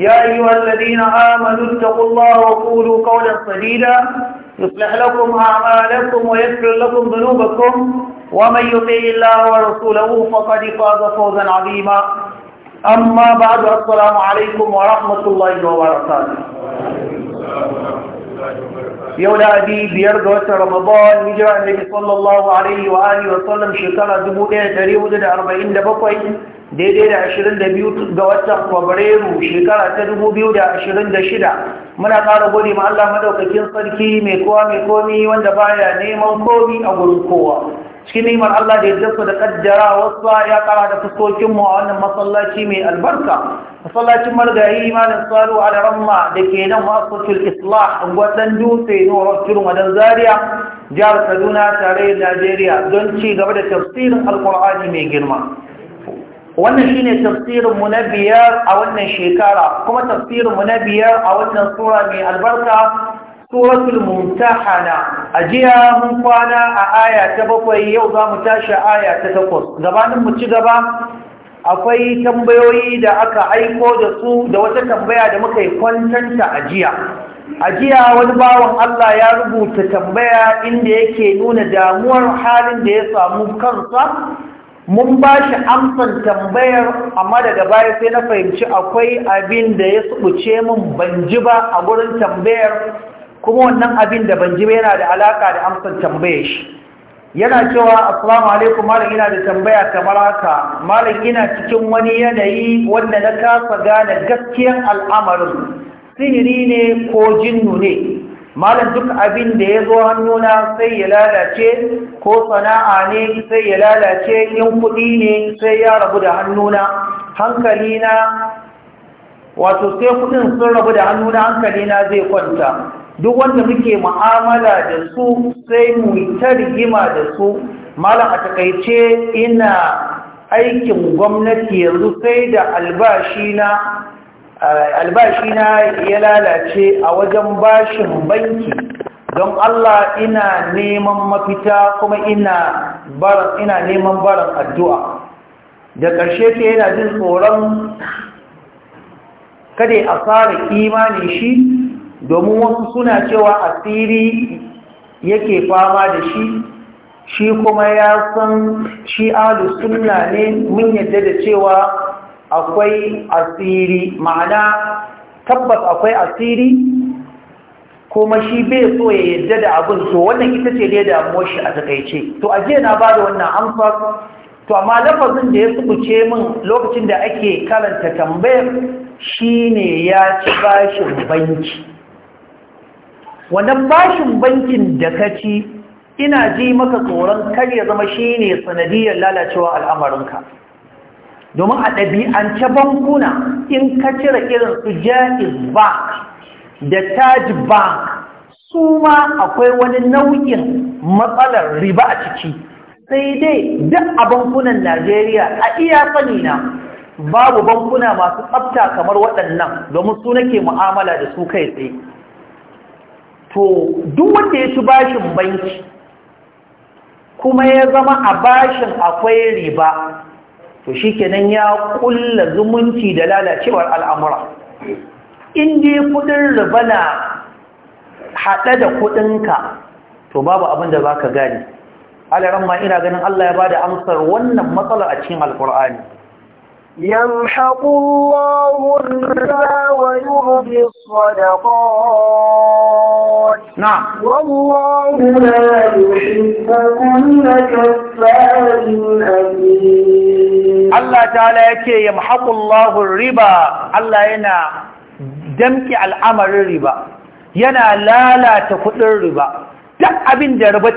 يا أيها الذين آمنوا اتقوا الله وقولوا قولا سديدا يصلح لكم أعمالكم ويغفر لكم ذنوبكم ومن يطع الله ورسوله فقد فاز فوزا عظيما أما بعد السلام عليكم ورحمة الله وبركاته yau da lahadi biyar ga watan ramadan hijira annabi sallallahu alaihi wa alihi wa sallam shekara 1447 daidai da 22 ga watan fabrairu shekara ta 2026 muna ƙara gode ma Allah madaukakin sarki mai kowa mai komi wanda baya neman komi a gurin kowa cikin ni'imar Allah da ya su da kaddarawar wasu ya kara da fuskokinmu a wannan masallaci mai albarka masallacin margayi malam salu a ramma da ke nan masallatul islah gwadan dutse nuwar turin zaria jihar kaduna tare da najeriya don ci gaba da tafsirin alkur'ani mai girma wannan shine tafsirin mu na biyar a wannan shekara kuma tafsirin mu na biyar a wannan sura mai albarka suratul mumtahana a mun kwana a aya ta bakwai yau za mu tashi aya ta takwas gabanin mu ci gaba akwai tambayoyi da aka aiko da su da wata tambaya da muka yi kwantanta a jiya wani bawan Allah ya rubuta tambaya inda yake nuna damuwar halin da ya samu kansa mun ba shi amsan tambayar amma daga baya sai na fahimci akwai abin da ya subuce min ban ji ba a gurin tambayar kuma wannan abin da ban ji ba yana da alaka da amsar tambaye shi yana cewa assalamu alaikum malam ina da tambaya kamar haka malam ina cikin wani yanayi wanda na kasa gane gaskiyar al'amarin sihiri ne ko jinnu ne malam duk abin da ya zo hannuna sai ya lalace ko sana'a ne sai ya lalace in kuɗi ne sai ya rabu da hannuna na, wato sai kuɗin sun rabu da hannuna hankalina zai kwanta duk wanda muke mu'amala da su sai mu ta rigima da su malam a takaice ina aikin gwamnati yanzu sai da albashina albashina ya lalace a wajen bashin banki don Allah ina neman mafita kuma ina baran ina neman baran addu'a da ƙarshe ke yana jin tsoron kada a fara imani shi domin wasu suna cewa asiri yake fama da shi shi kuma ya san shi alu suna ne mun yadda da cewa akwai asiri ma'ana tabbas akwai asiri kuma shi bai so ya yadda da abin to wannan ita ce ya damuwa shi a takaice to jiya na ba da wannan amfa to amma lafazin da ya sukuce min lokacin da ake karanta tambayar shi ne ya ci bashin banki wannan bashin bankin da ka ci ina ji maka tsoron kar ya zama shi ne sanadiyar lalacewa al'amarinka domin a ɗabi'ance bankuna in ka cire irin su jaiz bank da taj bank su ma akwai wani nau'in matsalar riba a ciki sai dai duk a bankunan najeriya a iya na babu bankuna masu tsafta kamar waɗannan domin su nake mu'amala da su kai tsaye to duk wanda ya ci bashin banki kuma ya zama a bashin akwai riba to shikenan ya kulla zumunci da lalacewar al'amura inda kudin riba na haɗe da kudinka to babu abin da za ka gani alaran ina ganin Allah ya bada amsar wannan matsalar a cikin alkur'ani يمحق الله الربا ويربي الصدقات نعم والله لا يحب كل كفار أثيم الله تعالى يكي يمحق الله الربا الله yana damke al'amarin riba yana lalata kuɗin riba duk abin da riba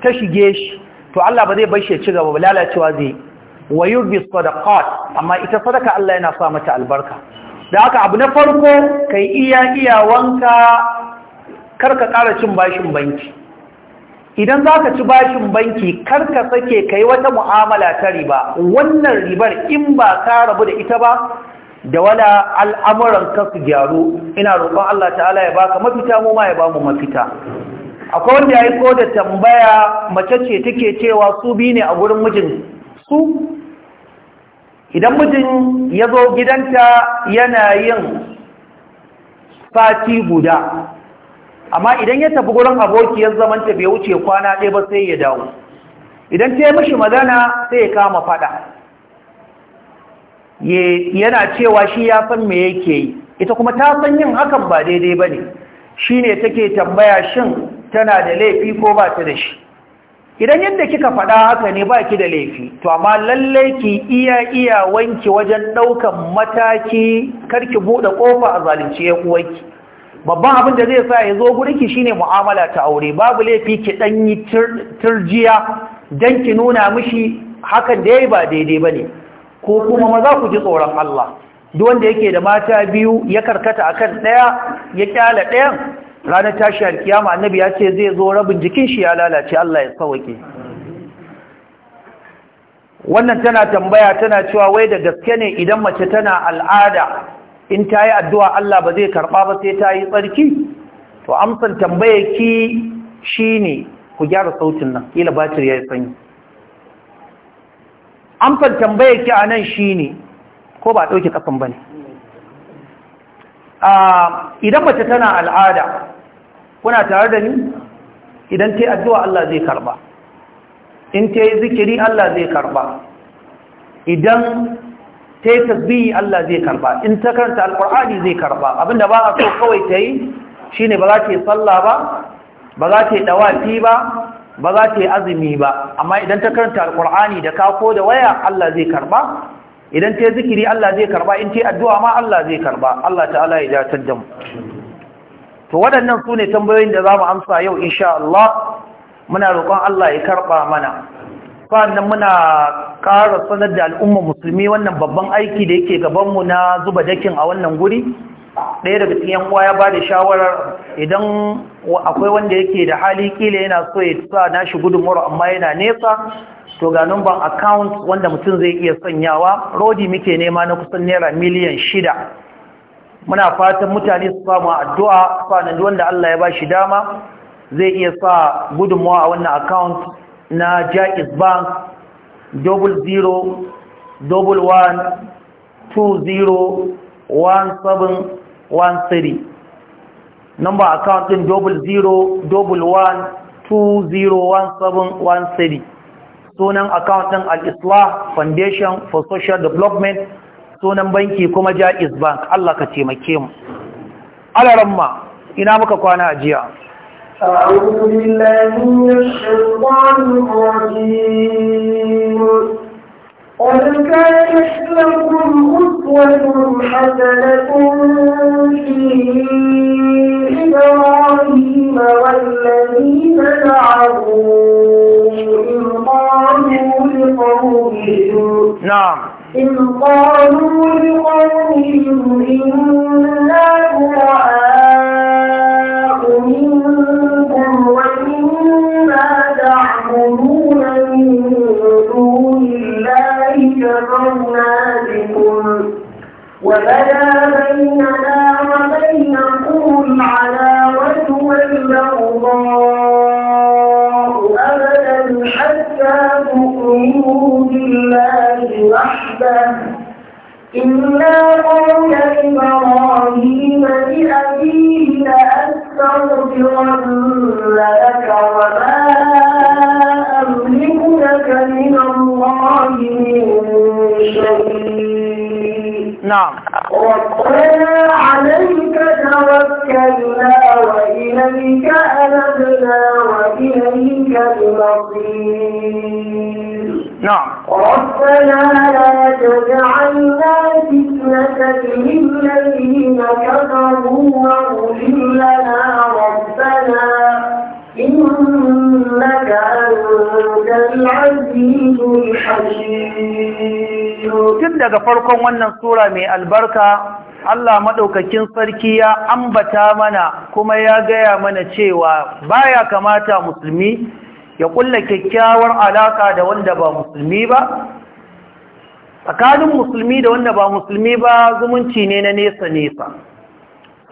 ta shige shi to Allah ba zai bar ci gaba lalacewa zai wa yubi sadaqat amma ita sadaka Allah yana sa mata albarka da haka abu na farko kai iya wanka karka kara cin bashin banki idan zaka ci bashin banki karka sake kai wata mu'amala ta riba wannan ribar in ba ka rabu da ita ba da wala al'amuran ka su gyaru ina roƙon Allah ta'ala ya baka mafita mu ma ya bamu mafita akwai wanda ya yi ko da tambaya mace ce take cewa su bi ne a gurin mijin su idan mutum ya zo gidanta yana yin sati guda amma idan ya tafi gurin abokiyar zamanta bai wuce kwana ɗaya ba sai ya dawo idan ta yi mishi magana sai ya kama fada yana cewa shi ya san me yake yi ita kuma ta san yin hakan ba daidai ba ne shi ne take tambaya shin tana da laifi ko ba ta da shi idan yadda kika faɗa haka ne ba ki da laifi to amma lallai ki iya iya wanki wajen ɗaukan mataki karki buɗe ƙofa a zalunci ya uwanki babban abin da zai sa ya zo gurinki shine mu'amala ta aure babu laifi ki ɗan yi turjiya don ki nuna mishi hakan da ya yi ba daidai ba ne ko kuma maza ku ji tsoron Allah duk wanda yake da mata biyu ya karkata akan ɗaya ya ƙyala ɗayan ranar tashi alkiyama annabi ya ce zai zo rabin jikin shi ya lalace Allah ya sauke wannan tana tambaya tana cewa wai da gaske ne idan mace tana al'ada in ta yi addu'a Allah ba zai karɓa ba sai ta yi tsarki to amsan tambayarki shi ne ku gyara sautin nan ƙila batir ya yi sanyi amsan tambayarki a nan shi ne ko ba ɗauki ƙasan ba ne Ah, idan mace tana al'ada kuna tare da ni idan ta yi addu'a Allah zai karba in ta yi zikiri Allah zai karba idan ta yi tasbihi Allah zai karba in ta karanta alƙur'ani zai karba abinda ba a so kawai ta yi shi ne ba za ta yi tsalla ba ba za ta yi ɗawafi ba ba za ta yi azumi ba amma idan ta karanta alƙur'ani da kako da waya Allah zai karba idan ta yi zikiri Allah zai karba in ta addu'a ma Allah zai karba Allah ta'ala ya datar da mu to waɗannan su ne tambayoyin da za mu amsa yau insha Allah muna roƙon Allah ya karba mana sannan muna ƙara sanar da al'ummar musulmi wannan babban aiki da yake gabanmu na zuba dakin a wannan guri ɗaya daga cikin yan uwa ya ba da shawarar idan akwai wanda yake da hali kila yana so ya sa nashi gudunmuwar amma yana nesa to ga number account wanda mutum zai iya sanyawa rodi muke nema na kusan naira miliyan shida muna fatan mutane su samu addu'a sanan wanda Allah ya bashi dama zai iya sa gudunmawa a wannan account na Jaiz Bank 00 11 20 17 number account din 00 11 20 sunan account din al-islah foundation for social development sunan banki kuma jaiz bank Allah ka taimake mu alaramma ina muka kwana a jiya a'udhu billahi minash shaitanir rajim قد كانت لكم أسوة حسنة في إبراهيم والذين معه إن قالوا لقومهم نعم إن قالوا لقومهم إنا براء منكم وإنا تعبدون كفرنا بكم وبدا بيننا وبينكم العداوة والبغضاء أبدا حتى تؤمنوا بالله وحده إلا قول إبراهيم لأبيه لأستغفرن نعم ربنا عليك توكلنا وإليك أنبنا وإليك المصير نعم ربنا لا تجعلنا فتنة للذين كفروا واغفر لنا ربنا Tun daga farkon wannan Sura mai albarka, Allah maɗaukakin sarki ya ambata mana kuma ya gaya mana cewa baya kamata musulmi ya ƙulla kyakkyawar alaƙa da wanda ba musulmi ba. Tsakanin musulmi da wanda ba musulmi ba zumunci ne na nesa-nesa.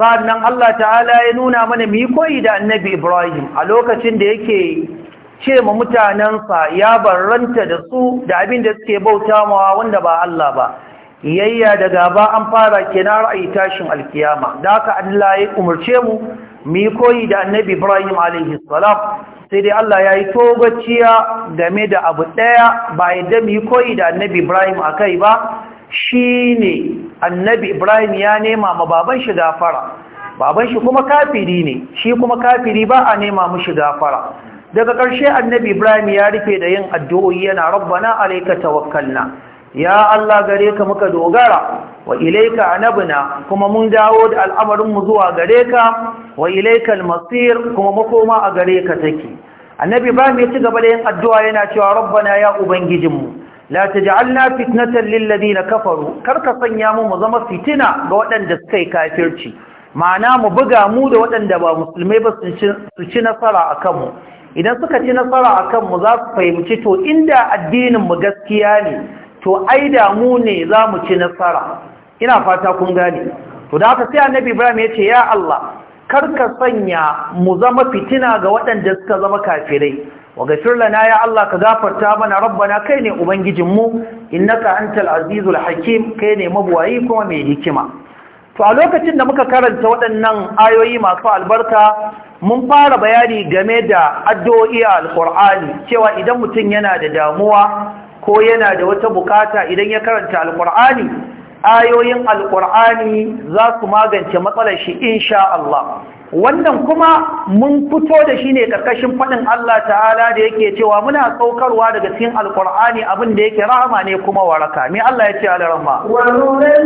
Sa'ad nan, Allah ta'ala ya nuna mana mu koyi da annabi Ibrahim a lokacin da yake ce ma mutanensa ya barranta da su da abin da suke bauta mawa wanda ba Allah ba yayya da gaba an fara kenan ra'ayi tashin alkiyama da haka Allah ya umarce mu mu koyi da annabi Ibrahim alaihi salam sai dai Allah ya yi togaciya game da abu ɗaya ba yadda mu koyi da annabi Ibrahim kai ba shine annabi Ibrahim ya nema ma baban shi gafara baban shi kuma kafiri ne shi kuma kafiri ba a nema mu mushi gafara daga ƙarshe annabi ibrahim ya rufe da yin addu'o'i yana rabbana alaika tawakkalna ya allah gare ka muka dogara wa ilayka anabna kuma mun dawo da al'amarin mu zuwa gare ka wa ilayka masir kuma makoma a gare ka take annabi ibrahim ya ci gaba da yin addu'a yana cewa rabbana ya ubangijinmu la taj'alna fitnatan lil ladina kafaru karka sanya mu mu zama fitina ga waɗanda suka yi kafirci ma'ana mu buga mu da waɗanda ba musulmai ba su ci nasara a kanmu idan suka ci nasara a kanmu za su fahimci to inda addininmu gaskiya ne to ai da mu ne za mu ci nasara ina fata kun gane to da haka sai annabi ibrahim ya ce ya allah kar ka sanya mu zama fitina ga waɗanda suka zama kafirai wa gafir lana ya Allah ka gafarta mana rabbana kai ne ubangijinmu innaka antal azizul hakim kai ne mabuwayi kuma mai hikima to a lokacin da muka karanta waɗannan ayoyi masu albarka mun fara bayani game da addu'o'i a alƙur'ani cewa idan mutum yana da damuwa ko yana da wata bukata idan ya karanta alƙur'ani ayoyin alƙur'ani za su magance matsalar shi insha Allah wannan kuma mun fito da shi ne ƙarƙashin faɗin Allah ta'ala da yake cewa muna saukarwa daga cikin alƙur'ani abin da yake rahama ne kuma waraka me Allah ya ce a larama ولا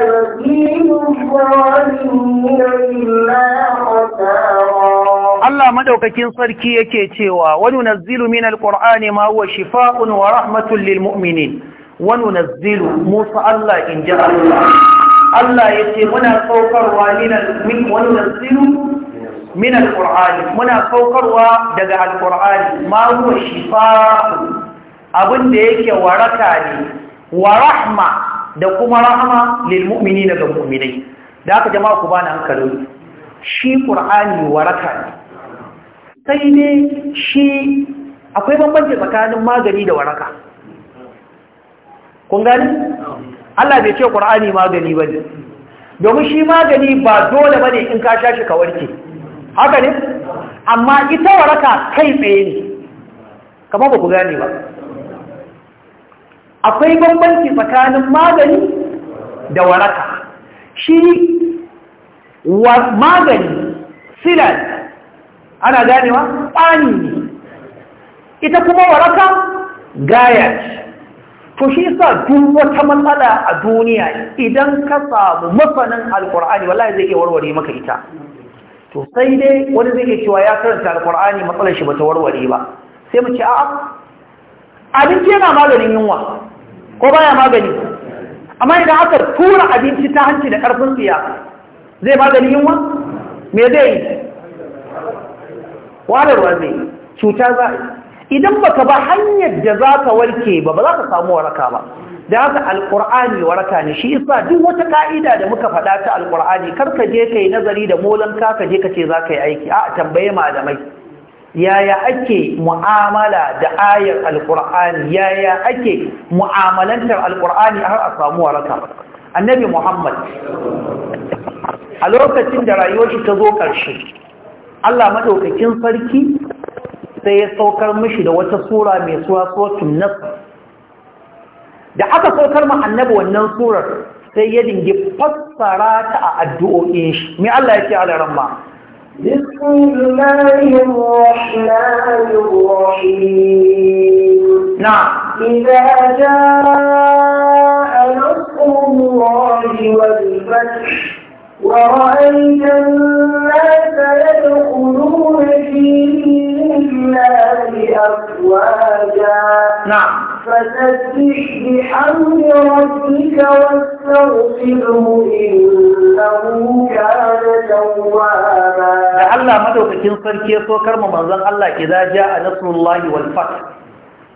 يزيد الظالمين إلا خسارا Allah madaukakin sarki yake cewa wani nunazzilu minal qur'ani ma huwa shifaa'un wa rahmatun lil mu'minin wa nunazzilu musa Allah in ji Allah Allah yace muna saukarwa min wa nunazzilu min qur'ani muna saukarwa daga alqur'ani ma huwa shifaa'un abinda yake waraka ne wa rahma da kuma rahma, lil mu'minina ga mu'minai da aka jama'a ku bani hankali shi ƙur'ani waraka ne sai ne shi akwai bambanci tsakanin magani da waraka kun gani Allah bai ce ƙur'ani magani bane domin shi magani ba dole ba ne in ka sha shi ka warke haka ne amma ita waraka kai tsaye ne kamar ba ku gane ba akwai bambanci tsakanin magani da waraka shi magani silas ana ganewa tsani ne ita kuma waraka gaya ce to shi sa duk wata matsala a duniya idan ka samu masanin alkur'ani wallahi zai iya warware maka ita to sai dai wani zai iya cewa ya karanta alkur'ani matsalar shi bata warware ba sai mu ce a'a abinci yana maganin yunwa ko baya magani amma idan aka tura abinci ta hanci da karfin tsiya zai maganin yunwa me zai wararwa zai cuta za idan baka ba hanyar da za ka warke ba ba za ka samu waraka ba da haka alƙur'ani waraka ne shi isa duk wata ka'ida da muka faɗa ta alƙur'ani kar ka je ka yi nazari da molon ka ka je ka ce za ka yi aiki a tambaye malamai yaya ake mu'amala da ayar alƙur'ani yaya ake mu'amalantar alƙur'ani har a samu waraka annabi muhammad a lokacin da rayuwar shi ta zo ƙarshe Allah madaukakin sarki sai ya saukar mishi da wata sura mai suwa suratul nas da aka saukar ma annabi wannan surar sai ya dinge fassara ta a addu'o'in shi mai Allah yake ala ramma بسم الله الرحمن الرحيم نعم إذا جاء نصر الله والفتح ورأيت الناس أفواجا نعم فسبح بحمد ربك واستغفره إنه كان توابا لعل مدوكتين كيف سوكر ممنزل الله إذا جاء نصر الله والفتح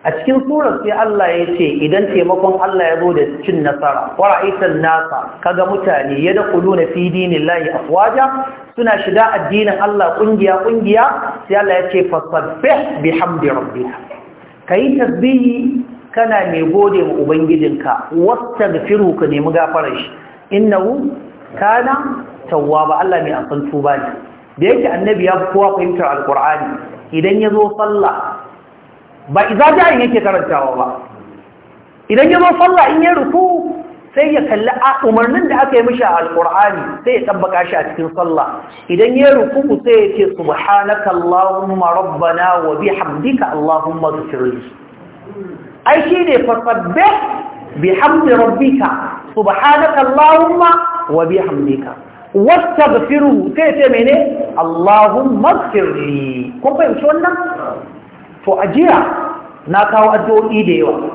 a cikin surar sai Allah ya ce idan taimakon Allah ya zo da cin nasara wa ra'isan nasa kaga mutane ya na fi dinillahi afwaja suna shiga addinin Allah kungiya kungiya sai Allah ya ce fasabbih bihamdi Ka yi tasbihi kana mai gode ma ubangijinka wastaghfiru ka nemi gafarar shi innahu kana tawwaba Allah mai amsan tuba ne da yake annabi ya kowa fahimtar alqur'ani idan ya zo sallah ba izajayin yake karantawa ba idan ya zo sallah in ya ruku sai ya kalli umarnin da aka yi mishi a alkur'ani sai ya tabbaka shi a cikin sallah idan ya ruku sai ya ce subhanaka allahumma rabbana wa bihamdika allahumma ghfirli ai shi ne fasabbih bihamdi rabbika subhanaka allahumma wa bihamdika wastaghfiruhu sai ya ce mene allahumma ghfirli kun fahimci wannan to a jiya na kawo addu'o'i da yawa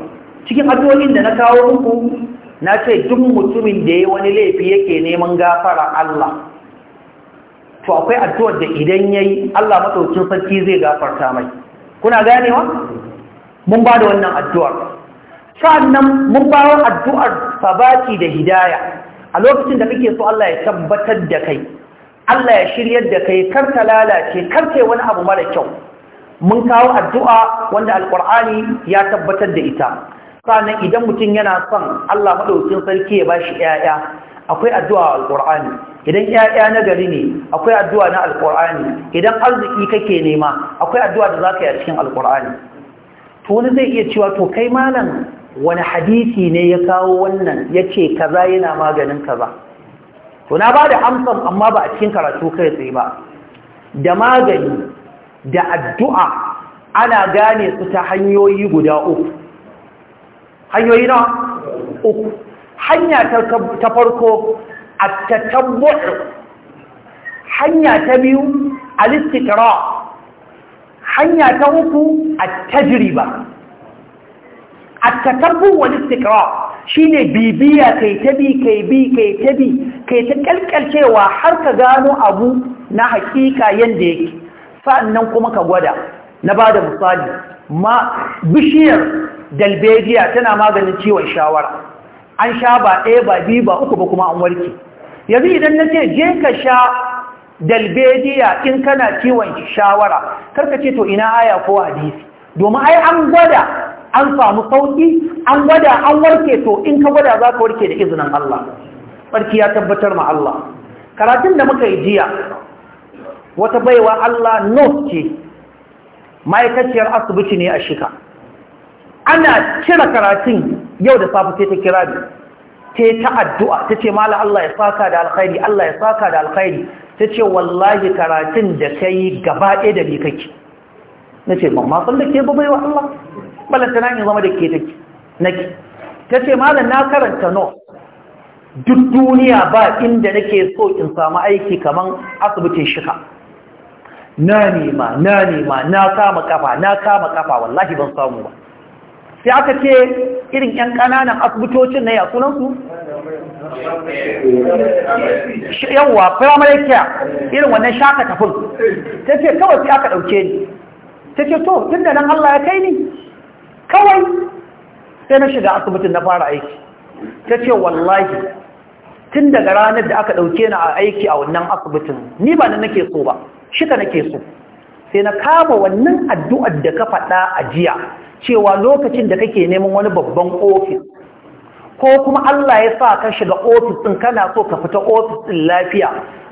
cikin addu'o'in da na kawo muku na ce duk mutumin da ya wani laifi yake neman gafara Allah to akwai addu'ar da idan yayi Allah madaukakin sarki zai gafarta mai kuna ganewa mun ba da wannan addu'ar sa'annan mun ba wa addu'ar sabati da hidaya a lokacin da kake so Allah ya tabbatar da kai Allah ya shiryar da kai kar ka lalace kar kai wani abu mara kyau mun kawo addu'a wanda alƙur'ani ya tabbatar da ita sannan idan mutum yana son Allah maɗaukin sarki ya ba shi ƴaƴa akwai addu'a alƙur'ani idan ‘ya'ya na gari ne akwai addu'a na alƙur'ani idan arziki kake nema akwai addu'a da za ka yi a cikin alƙur'ani to wani zai iya cewa to kai malam wani hadisi ne ya kawo wannan ya ce kaza yana maganin kaza to na ba da amsan amma ba a cikin karatu kai tsaye ba da magani da addu'a ana gane su ta hanyoyi guda uku hanyoyi na uku hanya ta farko a tattabbur hanya ta biyu a alistikara hanya ta uku a tajiriba a tattabbur walistikara shi ne bibiya kai ta bi kai bi kai ta bi kai ta kyalkyalcewa har ka gano abu na haƙiƙa yadda yake sa'annan kuma ka gwada na bada misali ma bishiyar dalbejiya tana maganin ciwon shawara an sha ba ɗaya ba biyu ba uku ba kuma an warke yanzu idan na ce je ka sha dalbejiya in kana ciwon shawara karka ce to ina aya ko hadisi domin ai an gwada an samu sauki an gwada an warke to in ka gwada za ka warke da izinin Allah sarki ya tabbatar ma Allah karatun da muka yi jiya wata baiwa Allah North ce ma'aikaciyar asibiti ne a shika ana cire karatun yau da safe sai ta kira ni sai ta addu'a ta ce mala Allah ya saka da alkhairi Allah ya saka da alkhairi ta ce wallahi karatun da ka yi gaba ɗaya da ni kake na ce mamma san da ke babai wa Allah balanta na in zama da ke take nake ta ce malam na karanta no duk duniya ba inda nake so in samu aiki kaman asibitin shika na nema na nema na kama kafa na kama kafa wallahi ban samu ba sai aka ce irin yan ƙananan asibitocin na ya sunansu yawwa primary care irin wannan shaka tafin ta ce kawai sai aka ɗauke ni ta ce to tun da nan Allah ya kai ni kawai sai na shiga asibitin na fara aiki ta ce wallahi tun daga ranar da aka ɗauke ni a aiki a wannan asibitin ni ba na nake so ba shika nake so sai na kama wannan addu'ar da ka faɗa a jiya cewa lokacin da kake neman wani babban ofis ko kuma Allah ya sa ka shiga ofis ɗin kana so ka fita ofis ɗin lafiya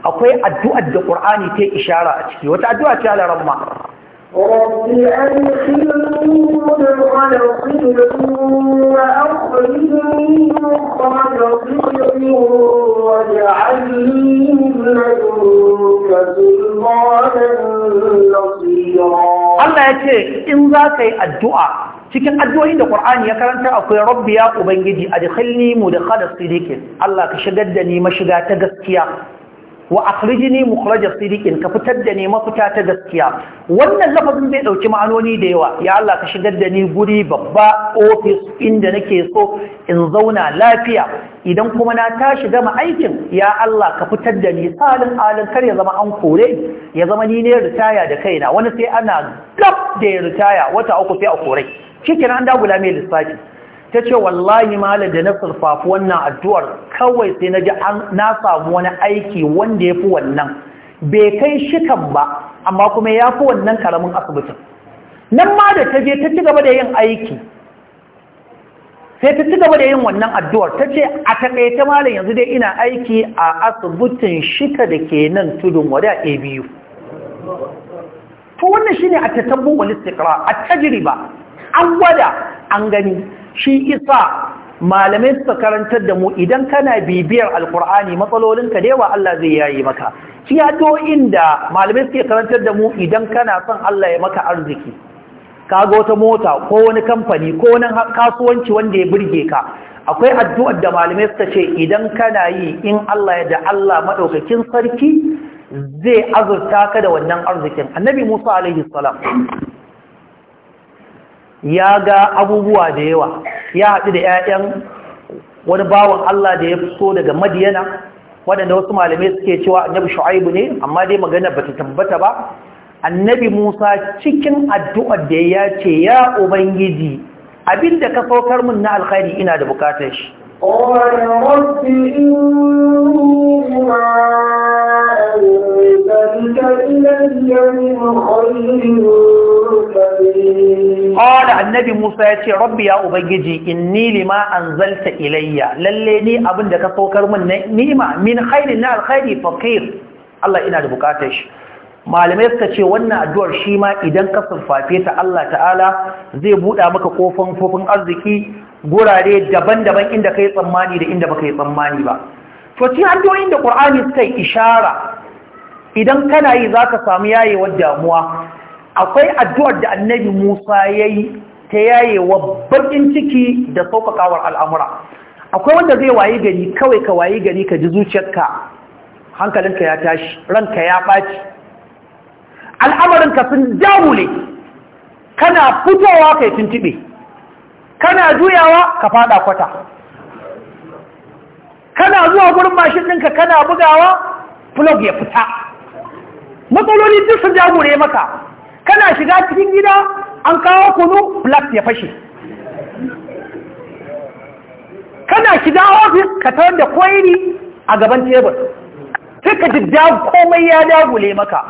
akwai addu'ar da ƙur'ani ta ishara a ciki wata addu'a ce رب أدخلني مدخل صدق وأخرجني مخرج صدق واجعل لي من لدنك سلطانا نصيرا Allah ya ce in za ka yi addu'a cikin addu'o'in da Ƙur'ani ya karanta akwai rabbi ya Ubangiji a da mu da kada sirikin Allah ka shigar da ni mashiga ta gaskiya wa akhrijni mukhraj sidiqin ka fitar da ni mafita ta gaskiya wannan lafazin zai dauki ma'anoni da yawa ya Allah ka shigar da ni guri babba office inda nake so in zauna lafiya idan kuma na tashi gama aikin ya Allah ka fitar da ni salin alin kar ya zama an kore ya zama ni ne ritaya da kaina wani sai ana gab da ya ritaya wata uku sai a kore shi kenan an dagula mai lissafi ta ce wallahi mala da na surfafi wannan addu'ar kawai sai na ji na samu wani aiki wanda ya fi wannan bai kai shikan ba amma kuma ya fi wannan karamin asibitin nan ma da ta je ta ci gaba da yin aiki sai ta ci gaba da yin wannan addu'ar ta ce a taƙaita malam yanzu dai ina aiki a asibitin shika da ke nan tudun wada a biyu to wannan shi ne a tattabbin walistikra a tajiriba an gwada an gani shi isa malamai suka karantar da mu idan kana bibiyar alkur'ani ka da yawa Allah zai yayi maka shi addu'o'in da malamai suke karantar da mu idan kana son Allah ya maka arziki kaga wata mota ko wani kamfani ko wani kasuwanci wanda ya burge ka akwai addu'ar da malamai suka ce idan kana yi in Allah ya da Allah madaukakin sarki zai azurta ka da wannan arzikin annabi Musa alaihi salam ya ga abubuwa da yawa ya haɗu da 'ya'yan wani bawan Allah da ya fito daga madiyana waɗanda wasu malamai suke cewa annabi shu'aibu ne amma dai magana ba ta tabbata ba annabi musa cikin addu'ar da ya ce ya ubangiji abinda ka saukar min na alkhairi ina da bukatar shi قال النبي موسى يتي ربي يا أبيجي إني لما أنزلت إلي للني أبن دكتوكر من نيمة من خير نال خير فقير الله إنا دبكاتش malamai suka ce wannan addu'ar shi ma idan ka sunfafe ta Allah ta'ala zai buɗa maka kofan kofin arziki gurare daban-daban inda ka yi tsammani da inda baka yi tsammani ba to cikin addu'o'in da ƙur'ani suka yi ishara idan kana yi za ka samu yayewar damuwa akwai addu'ar da annabi musa ya yi ta yayewa baƙin ciki da sauƙaƙawar al'amura akwai wanda zai wayi gari kawai ka wayi gari ka ji zuciyarka hankalinka ya tashi ranka ya ɓaci al'amarinka sun jamule kana fitowa kai tuntube kana juyawa ka fada kwata kana zuwa gurin mashin ɗinka kana bugawa plug ya fita matsaloli duk sun jagure maka kana shiga cikin gida an kawo kunu plug ya fashe kana shiga ofis ka tawar da kwairi a gaban tebur sai ka jidda komai ya dagule maka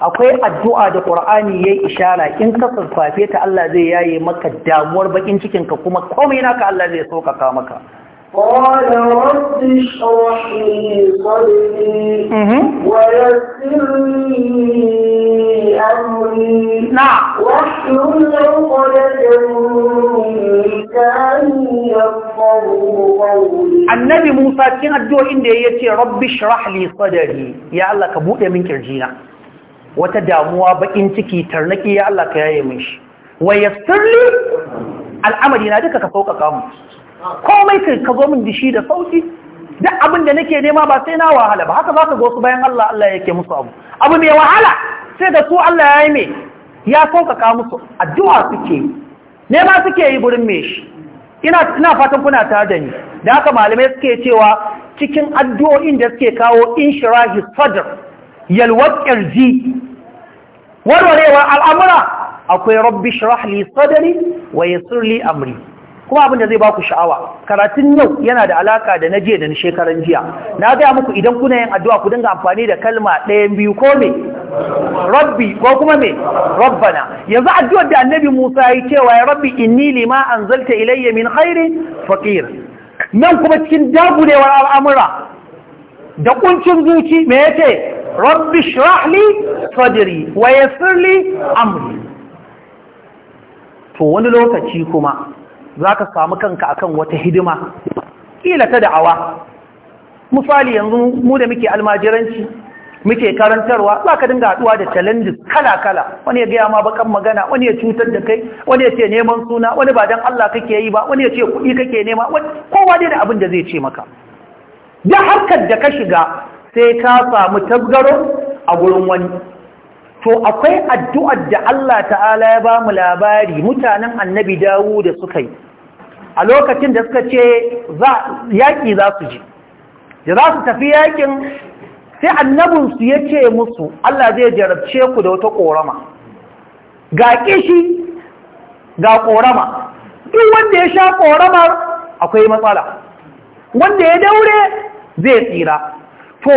akwai addu'a da qur'ani yayi ishara in ka sarfafe ta Allah zai yaye maka damuwar bakin cikin ka kuma komai naka Allah zai sokaka maka قال رب اشرح لي صدري ويسر لي امري نعم واحلل عقدة Annabi Musa cikin addu'o'in da ya Rabbi shirah li sadari, ya Allah ka buɗe min kirjina. wata damuwa bakin ciki tarnaki ya Allah ka yaye min shi wa yassirli al'amari na duka ka sauƙaƙa mu komai kai ka zo min dishi da sauki duk abin da nake nema ba sai na wahala ba haka zaka go su bayan Allah Allah yake musu abu abu mai wahala sai da su Allah ya yi me ya sauƙaƙa musu addu'a suke nema suke yi burin me shi ina ina fatan kuna tare da ni da haka malamai suke cewa cikin addu'o'in da suke kawo inshirahi sadr yalwar ƙirji warwarewar al'amura akwai rabbi shirahli sadari wa yassirli amri kuma abin da zai baku sha'awa karatun yau yana da alaka da naje da shekaran jiya na gaya muku idan kuna yin addu'a ku dinga amfani da kalma ɗayan biyu ko me rabbi ko kuma me rabbana yanzu addu'ar da annabi musa ya yi cewa ya rabbi inni lima anzalta ilayya min hairi faƙir nan kuma cikin dagulewar al'amura da kuncin zuci me yace rabbi shirahli sadri wa sirli amri to wani lokaci kuma za ka samu kanka akan wata hidima kila ta da'awa misali yanzu mu da muke almajiranci muke karantarwa za ka dinga haɗuwa da challenges kala-kala wani ya gaya ma bakan magana wani ya cutar da kai wani ya ce neman suna wani ba don Allah kake yi ba wani ya ce kuɗi kake nema kowa dai da abin da zai ce maka da harkar da ka shiga sai ka samu tabgaro a gurin wani to akwai addu'ar da Allah ta'ala ya ba mu labari mutanen annabi dawo da suka yi a lokacin da suka ce yaƙi za su ji da za su tafi yaƙin sai annabinsu ya ce musu Allah zai jarabce ku da wata ƙorama ga ƙishi ga ƙorama duk wanda ya sha ƙoramar akwai matsala wanda ya daure zai tsira to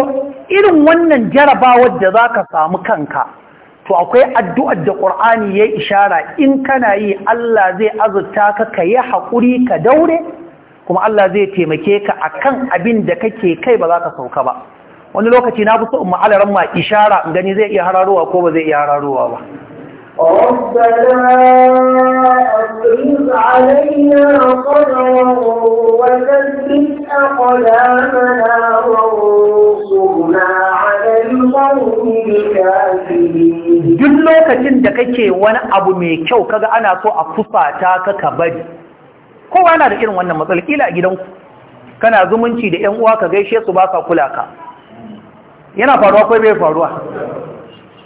irin wannan jarabawar da zaka ka samu kanka to akwai addu'ar da ƙur'ani ya ishara in kana yi Allah zai azurta ka ka yi haƙuri ka daure kuma Allah zai taimake ka a kan abin da kake kai ba za ka sauka ba wani lokaci na fi so in ma'alaran ma ishara gani zai iya hararowa ko ba zai iya hararowa ba duk lokacin da kake wani abu mai kyau kaga ana so a kufata ka ka bari kowa yana da irin wannan matsala kila a gidanku kana zumunci da 'yan uwa ka gaishe su ba ka kula ka yana faruwa ko bai faruwa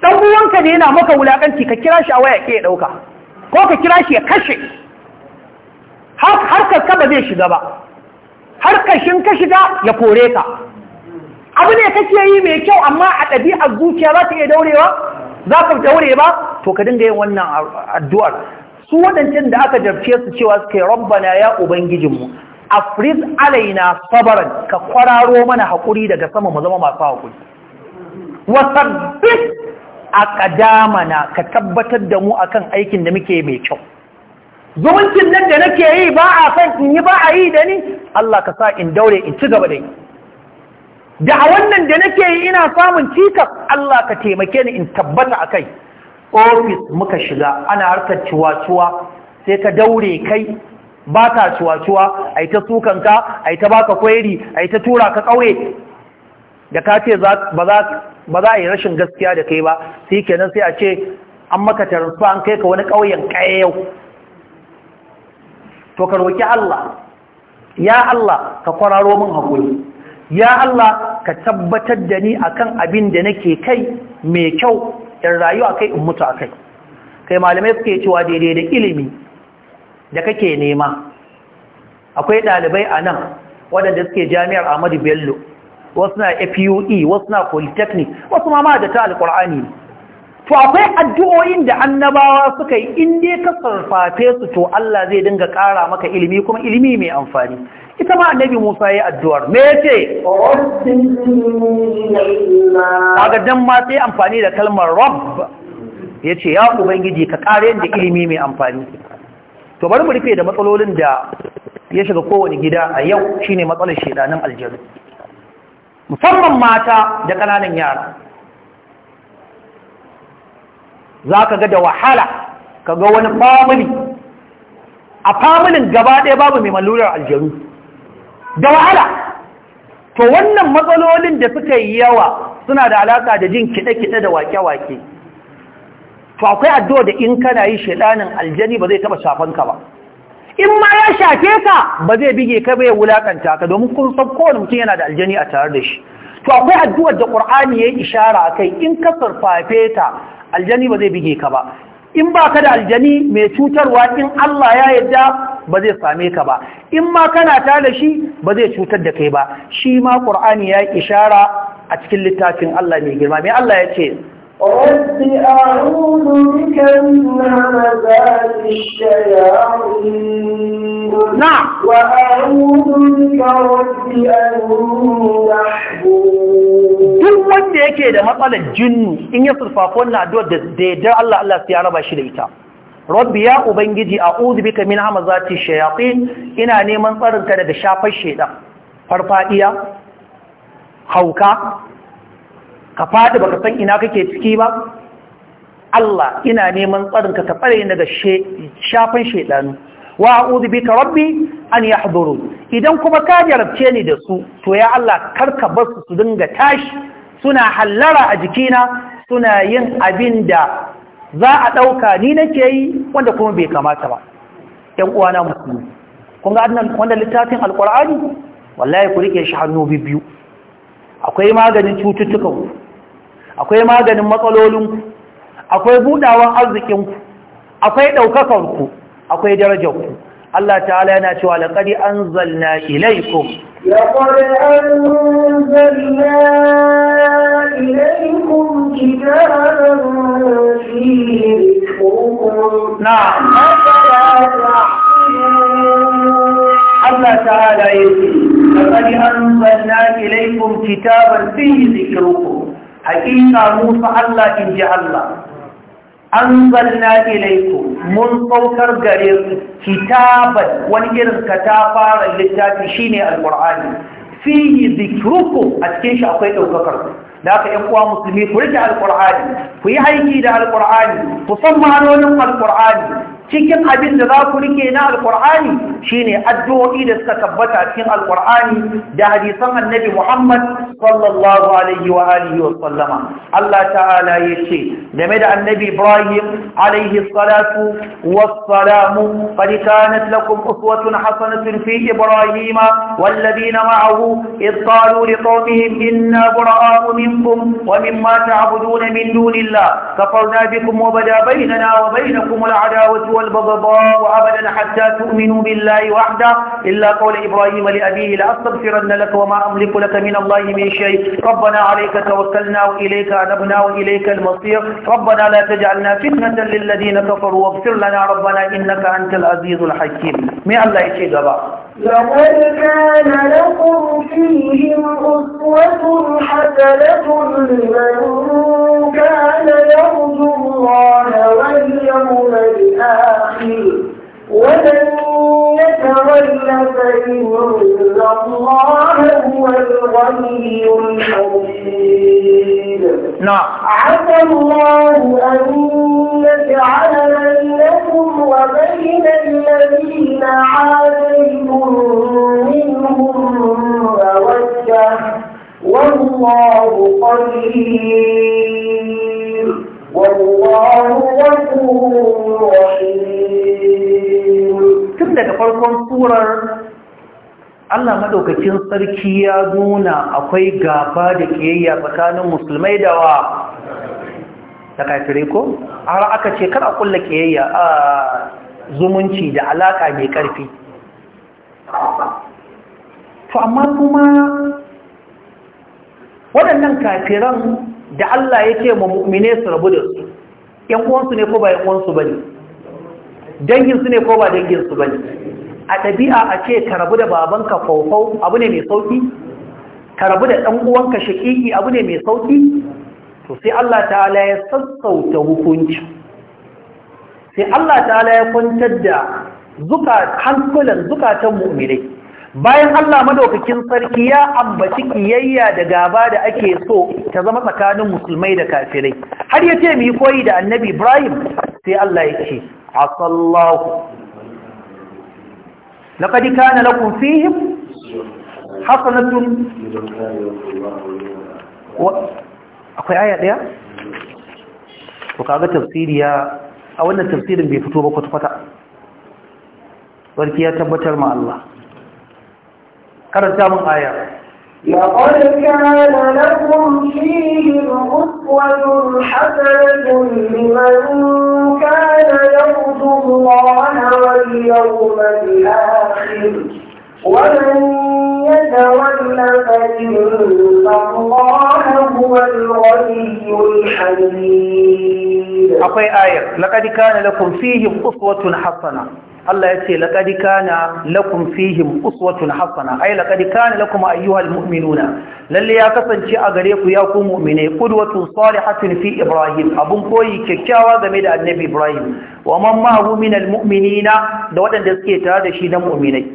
dan uwanka ne yana maka wulakanci ka kira shi a waya ke ya dauka ko ka kira shi ya kashe harkar ka ba zai shiga ba harkar shin ka shiga ya kore ka abu ne kake yi mai kyau amma a ɗabi'ar zuciya za ta iya daurewa za ka daure ba to ka dinga yin wannan addu'ar su waɗancan da aka jarce su cewa su yi rabbana ya ubangijinmu afriz alaina sabaran ka kwararo mana haƙuri daga sama mu zama masu haƙuri bis. A ƙadamana ka tabbatar da mu akan aikin da muke mai kyau zumuncin nan da nake yi ba a san in yi ba a yi da ni Allah ka sa in daure in ci gaba da yi da a wannan da nake yi ina samun cikas Allah ka taimake ni in tabbata a kai ofis muka shiga ana harkar cuwacuwa sai ka daure kai ba ta cuwacuwa a yi ta sukanka a yi ta baka kweri a yi ta tura ka ƙauye da ka ce ba za ba za a yi rashin gaskiya da kai ba sai kenan sai a ce an maka taransu an kai ka wani ƙauyen ƙayayyau to ka roƙi Allah ya Allah ka kwararo min hakuri, ya Allah ka tabbatar da ni akan abin da nake kai mai kyau in rayu a kai in mutu a kai kai malamai suke cewa daidai da ilimi da kake nema akwai ɗalibai a nan waɗanda suke jami'ar Ahmadu Bello wasu na FUE wasu na polytechnic wasu ma da ta Alƙur'ani. to akwai addu'o'in da annabawa suka yi in dai ka sarfafe su to Allah zai dinga ƙara maka ilimi kuma ilimi mai amfani ita ma annabi Musa ya addu'ar me yace kaga dan ma sai amfani da kalmar rabb yace ya ubangiji ka ƙare da ilimi mai amfani to bari mu rufe da matsalolin da ya shiga kowane gida a yau shine matsalar shedanin aljanu musamman mata da ƙananan yara za ka ga da wahala ka ga wani famili a familin gaba ɗaya babu mai malurar aljanu. da wahala to wannan matsalolin da suka yi yawa suna da alaƙa da jin kiɗe-kiɗe da wake-wake to akwai addu'a da in kana yi shaɗanin aljani ba zai taɓa shafanka ba in ma ya shafe ka ba zai bige ka bai wulakanta ka domin kun san kowane mutum yana da aljani a tare da shi to akwai addu'ar da qur'ani yi ishara kai, in ka sarfafe ta aljani ba zai bige ka ba in ba ka da aljani mai cutarwa in Allah ya yadda ba zai same ka ba in ma kana ta da shi ba zai cutar da kai ba shi ma qur'ani ya ishara a cikin littafin Allah mai girma mai Allah ya ce رب أعوذ بك من همزات الشياطين نعم وأعوذ بك رب أن duk wanda yake da matsalar jinnu in ya surfafi wannan addu'ar da daidar Allah Allah ya raba shi da ita rabbi ya ubangiji a'udhu bika min hamazati shayatin ina neman tsarinka daga shafar shedan farfadiya hauka ka fadi baka san ina kake ciki ba Allah ina neman tsarin ka tsare daga shafin shedanu wa a'udhu bika rabbi an yahduru idan kuma ka jarabce ni da su to ya Allah karka bar su su dinga tashi suna hallara a jikina suna yin abinda za a ɗauka ni nake yi wanda kuma bai kamata ba ‘yan uwana musulmi kun ga wanda littafin alƙur'ani wallahi ku riƙe shi hannu biyu akwai maganin cututtukan akwai maganin matsalolinku akwai budawan arzikinku akwai ɗaukakarku akwai darajarku Allah ta'ala yana cewa laqad anzalna ilaykum laqad anzalna ilaykum kitaban fihi na'am Allah ta'ala yake laqad anzalna ilaykum kitaban fihi dhikrukum haƙiƙa musa Allah in ji Allah an zanna ilaiku mun saukar gare ku kitaban wani irin ka ta fara littafi shine Alƙur'ani. Sigi dhikrukum a cikin shi akwai daukakar da aka yi kuwa musulmi ku rike alqur'ani ku yi aiki da alqur'ani ku san ma'anonin alqur'ani cikin abin da za ku rike na alkur'ani shine addu'o'i da suka tabbata cikin alkur'ani da hadisan annabi Muhammad sallallahu alaihi wa alihi wa sallama Allah ta'ala yace game da annabi Ibrahim alaihi salatu wassalamu qad kanat lakum uswatun hasanatun fi ibrahima walladhina ma'ahu id qalu liqawmihim inna bura'a'u minkum wa mimma ta'buduna min dunillah kafarna bikum wa bada bainana wa bainakum al'adawatu والبغضاء أبدا حتى تؤمنوا بالله وحده إلا قول إبراهيم لأبيه لأستغفرن لك وما أملك لك من الله من شيء ربنا عليك توكلنا وإليك أنبنا وإليك المصير ربنا لا تجعلنا فتنة للذين كفروا واغفر لنا ربنا إنك أنت العزيز الحكيم ما الله يشهد لقد كان لكم فيهم أسوة حسنة لمن كان يرجو الله واليوم الآخر ومن يتول فإن الله هو الغني الحميد نعم عسى الله أن يجعل بينكم وبين الذين عليكم منهم مودة والله قدير Tun daga farkon turar Allah madaukakin sarki ya nuna akwai gaba da ƙiyayya tsakanin musulmai da wa da kafirai ko? Har aka ce kar a kulla ƙiyayya a zumunci da alaƙa mai ƙarfi. To amma kuma waɗannan kafiran da Allah ya ce ma su rabu da su ‘yan uwansu ne ko ba ‘yan uwansu ba ne danginsu ne ko ba danginsu ba ne a ɗabi'a a ce ka rabu da babanka faufau abu ne mai sauƙi ka rabu da ɗan uwanka shaƙiƙi abu ne mai sauƙi to sai Allah ta'ala ya sassauta hukunci sai Allah ta'ala ya kwantar da zuka hankulan zukatan mu'minai bayan Allah madaukakin sarki ya ambaci kiyayya da gaba da ake so ta zama tsakanin musulmai da kafirai har ya ce mu yi koyi da annabi Ibrahim sai Allah ya ce asallahu laqad kana lakum fihim hasanatun akwai aya daya to kaga tafsiri ya a wannan tafsirin bai fito ba kwata-kwata sarki ya tabbatar ma Allah karanta mun لقد كان لكم فيهم أسوة حسنة لمن كان يرجو الله واليوم الآخر ومن يتولى فإن الله هو الغني الحميد. أقوي آية لقد كان لكم فيهم أسوة حسنة Allah ya ce laƙadi kana lakum fihim uswatun hasana ai laƙadi kana lakum ayyuhal mu'minuna lalle ya kasance a gare ku ya ku mu'mine qudwatun salihatun fi ibrahim abun koyi kyakkyawa game da annabi ibrahim wa man ma'ahu minal mu'minina da waɗanda suke tare da shi na mu'minai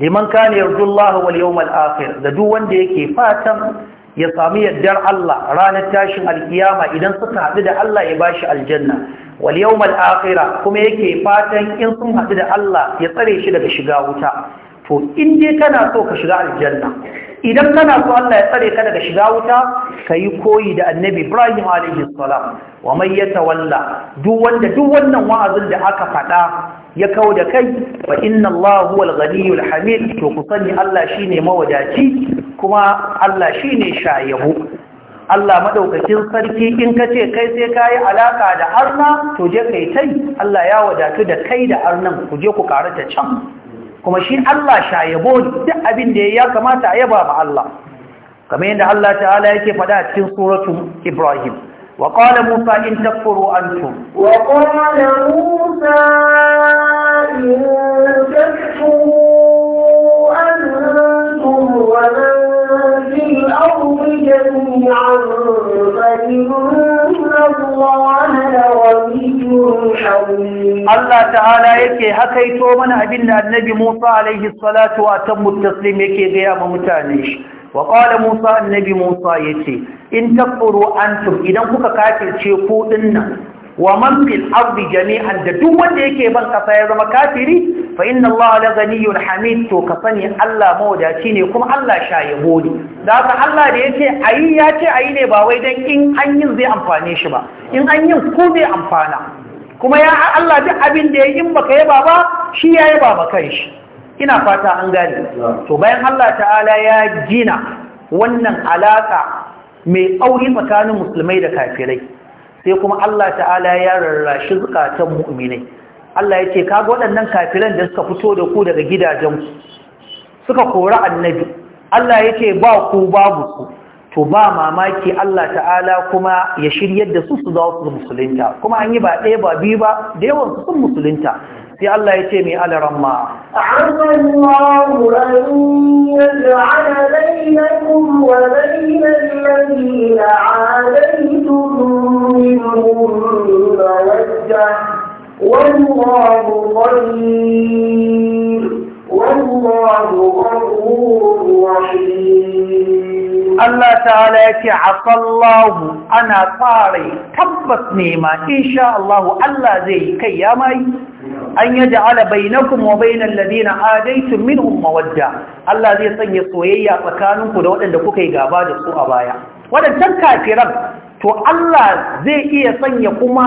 liman kana yarjullaha wal yawmal akhir da duk wanda yake fatan ya sami yaddar Allah ranar tashin alkiyama idan suka haɗu da Allah ya bashi aljanna wal yawmal akhirah kuma yake fatan in sun haɗu da Allah ya tsare shi daga shiga wuta to in dai kana so ka shiga aljanna idan kana so Allah ya tsare ka daga shiga wuta kayi koyi da annabi Ibrahim alaihi salam wa man yatawalla duk wanda duk wannan wa'azin da aka faɗa ya kau da kai wa inna Allahu Wal ghaniyul hamid to ku sani Allah shine mawadaci kuma Allah shine shayabo. Allah madaukakin sarki in kace kai sai kai alaka da arna to je kai tai Allah ya wadatu da kai da arnan ku je ku ta can kuma shi Allah shayabo duk abin da ya kamata a yaba ma Allah kamar yadda Allah ta'ala yake faɗa cikin suratul Ibrahim وقال موسى إن تكفروا أنتم وقال موسى إن تكفروا أنتم ومن في الأرض جميعا فإن الله لغني حميد الله تعالى yake hakaito mana abin النبي موسى عليه الصلاة وأتم التسليم tammu taslim yake wa qala musa annabi musa ya ce in an antum idan kuka kafirce kuɗin dinnan wa man fil ardi jami'an da duk wanda yake ban kasa ya zama kafiri fa inna allaha la ghaniyyun hamid to ka sani allah mawadaci ne kuma allah ya gode. da haka allah da yake ayi ya ce ayi ne ba wai dan in an yin zai amfane shi ba in an yin ku zai amfana kuma ya Allah duk abin da ya in baka yaba ba shi ya yaba ba kai shi ina fata an gane to bayan Allah ta'ala ya gina wannan alaka mai auri tsakanin musulmai da kafirai sai kuma Allah ta'ala ya rarrashi zukatan mu'minai Allah ya ce kaga waɗannan kafiran da suka fito da ku daga gidajenku suka kori annabi Allah ya ce ba ku babu ku to ba mamaki Allah ta'ala kuma ya shiryar da su su za su musulunta kuma an yi ba ɗaya ba biyu ba da yawan su sun musulunta تي الله يتيمي على رما عز الله أن يجعل بينكم وبين الذين عاديتم منهم مودة والله خير والله غفور رحيم Allah ta'ala ya ce asallahu ana tsare tabbas nema ma insha Allah Allah zai kai ya mai an yaji ala bainakum wa bainal ladina min minhum mawadda Allah zai sanya soyayya tsakaninku da waɗanda kuka yi gaba da su a baya waɗancan kafiran to Allah zai iya sanya kuma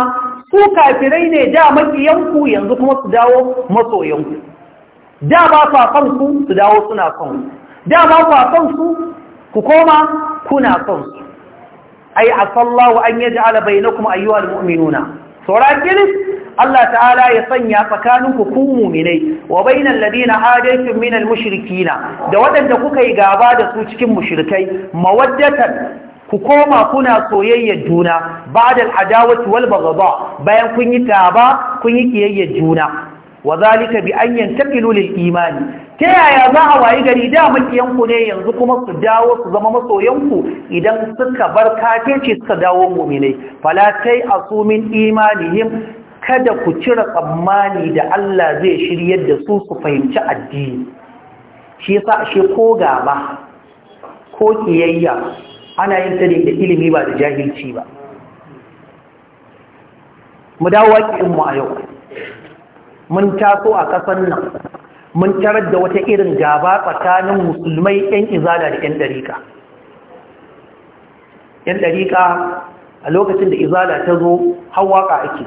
su kafirai ne da makiyanku yanzu kuma su dawo masoyanku da ba sa son su su dawo suna son da ba sa son su ku koma kuna son su ai asallahu an yaj'ala bainakum ayyuhal mu'minuna Sauran kilis Allah ta'ala ya sanya tsakaninku kun mu'minai wa bainan ladina hadaytum minal mushrikina da waɗanda kuka yi gaba da su cikin mushrikai mawaddatan ku koma kuna soyayyar juna ba'dal adawati wal gaba. bayan kun yi taba kun yi kiyayyar juna wa zalika bi an yantakilu lil imani ta yaya za a wayi gari da makiyanku ne yanzu kuma su dawo su zama masoyanku idan suka bar kafirci suka dawo mu'minai fala tai asumin imanihim kada ku cire tsammani da Allah zai shiryar da su su fahimci addini shi yasa ashe ko gaba ko kiyayya ana yin ta da ilimi ba da jahilci ba mu dawo waƙi mu a yau mun taso a ƙasar nan mun tarar da wata irin gaba tsakanin musulmai 'yan izala da 'yan ɗarika. ‘yan ɗarika a lokacin da izala ta zo hawaƙa ake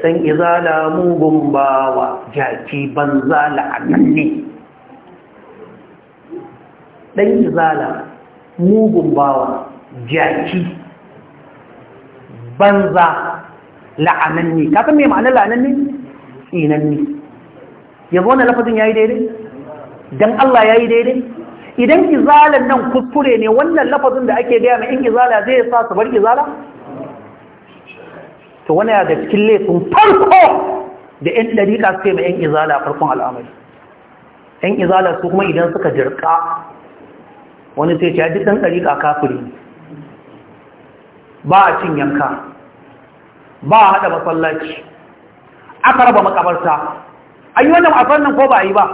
san izala mugun bawa jaki banza la'ananne ɗan izala mugun wa jaki banza la'ananne kafin mai ma'anar la'ananne tsinanne yanzu wannan lafazin yi daidai Don Allah ya yi daidai idan izalan nan kuskure ne wannan lafazin da ake gaya mai in izala zai sa su bar izala to wani da cikin laifin farko da ‘yan ɗariƙa suke mai ‘yan izala farkon al'amari ‘yan izala su kuma idan suka jirka wani sai ya duk ɗan ɗariƙa kafiri ba a cin yanka ba a haɗa masallaci aka raba makabarta ayi yi wannan a nan ko ba yi ba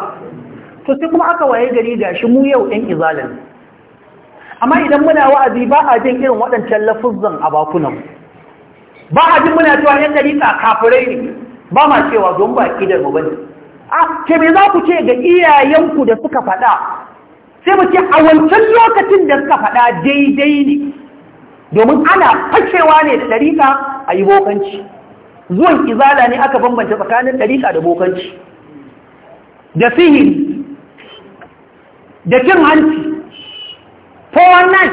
to sai kuma aka waye gari da shi mu yau ɗan izalin amma idan muna wa'azi ba a jin irin waɗancan lafuzzan a bakunan ba a jin muna cewa yan ta kafirai ne ba ma cewa don ba ƙidar mu bane a ke me za ku ce ga iyayenku da suka faɗa sai mu ce a wancan lokacin da suka faɗa daidai ne domin ana fashewa ne da ɗarika, a yi bokanci zuwan izala ne aka bambanta tsakanin ɗariƙa da bokanci da sihiri da cin hanci 419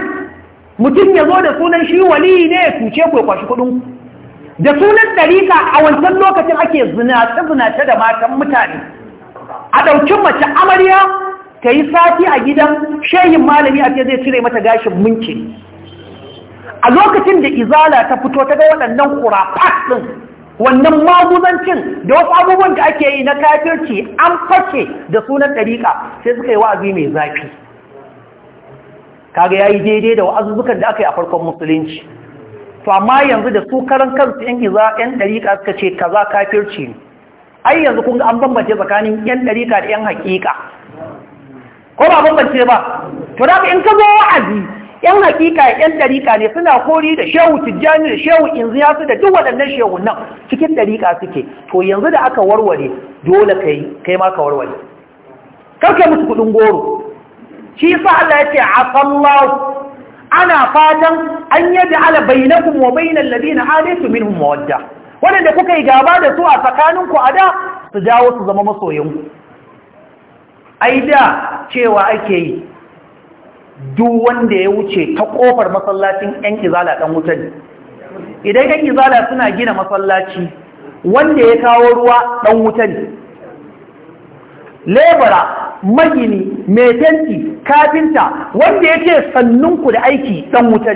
mutum ya zo da sunan shi waliyi ne ya cuce ku ya kwashi kuɗin da sunan ɗariƙa a wancan lokacin ake zinace-zinace da matan mutane a ɗaukin mace amarya ta yi sati a gidan shehin malami a zai cire mata gashin minci a lokacin da izala ta fito ta ga waɗannan kurafat ɗin wannan maguzancin da wasu abubuwan da ake yi na kafirci an fashe da sunan ɗariƙa sai suka yi wa'azi mai zafi kaga ya yi daidai da wa'azuzzukan da aka yi a farkon musulunci to amma yanzu da su karan kansu yan iza yan ɗariƙa suka ce kaza kafirci ne ai yanzu kun an bambance tsakanin yan ɗariƙa da yan haƙiƙa ko ba bambance ba to da in ka zo wa'azi yan hakika yan dariƙa ne suna kori da shehu tijjani da shehu inziyasu da duk waɗannan shehu nan cikin dariƙa suke to yanzu da aka warware dole kai kai ma ka warware karka musu kuɗin goro shi yasa Allah ya ce ana fatan an yaj'ala bainakum wa bainal ladina adaytum minhum mawadda waɗanda kuka yi gaba da su a tsakaninku a da su dawo su zama masoyanku ai da cewa ake yi duk wanda ya wuce ta ƙofar masallacin ‘yan izala ɗan wuta idan ‘yan izala suna gina masallaci wanda ya kawo ruwa ɗan wuta ne lebara magini mai fenti, kafinta wanda ya ce sannunku da aiki ɗan wuta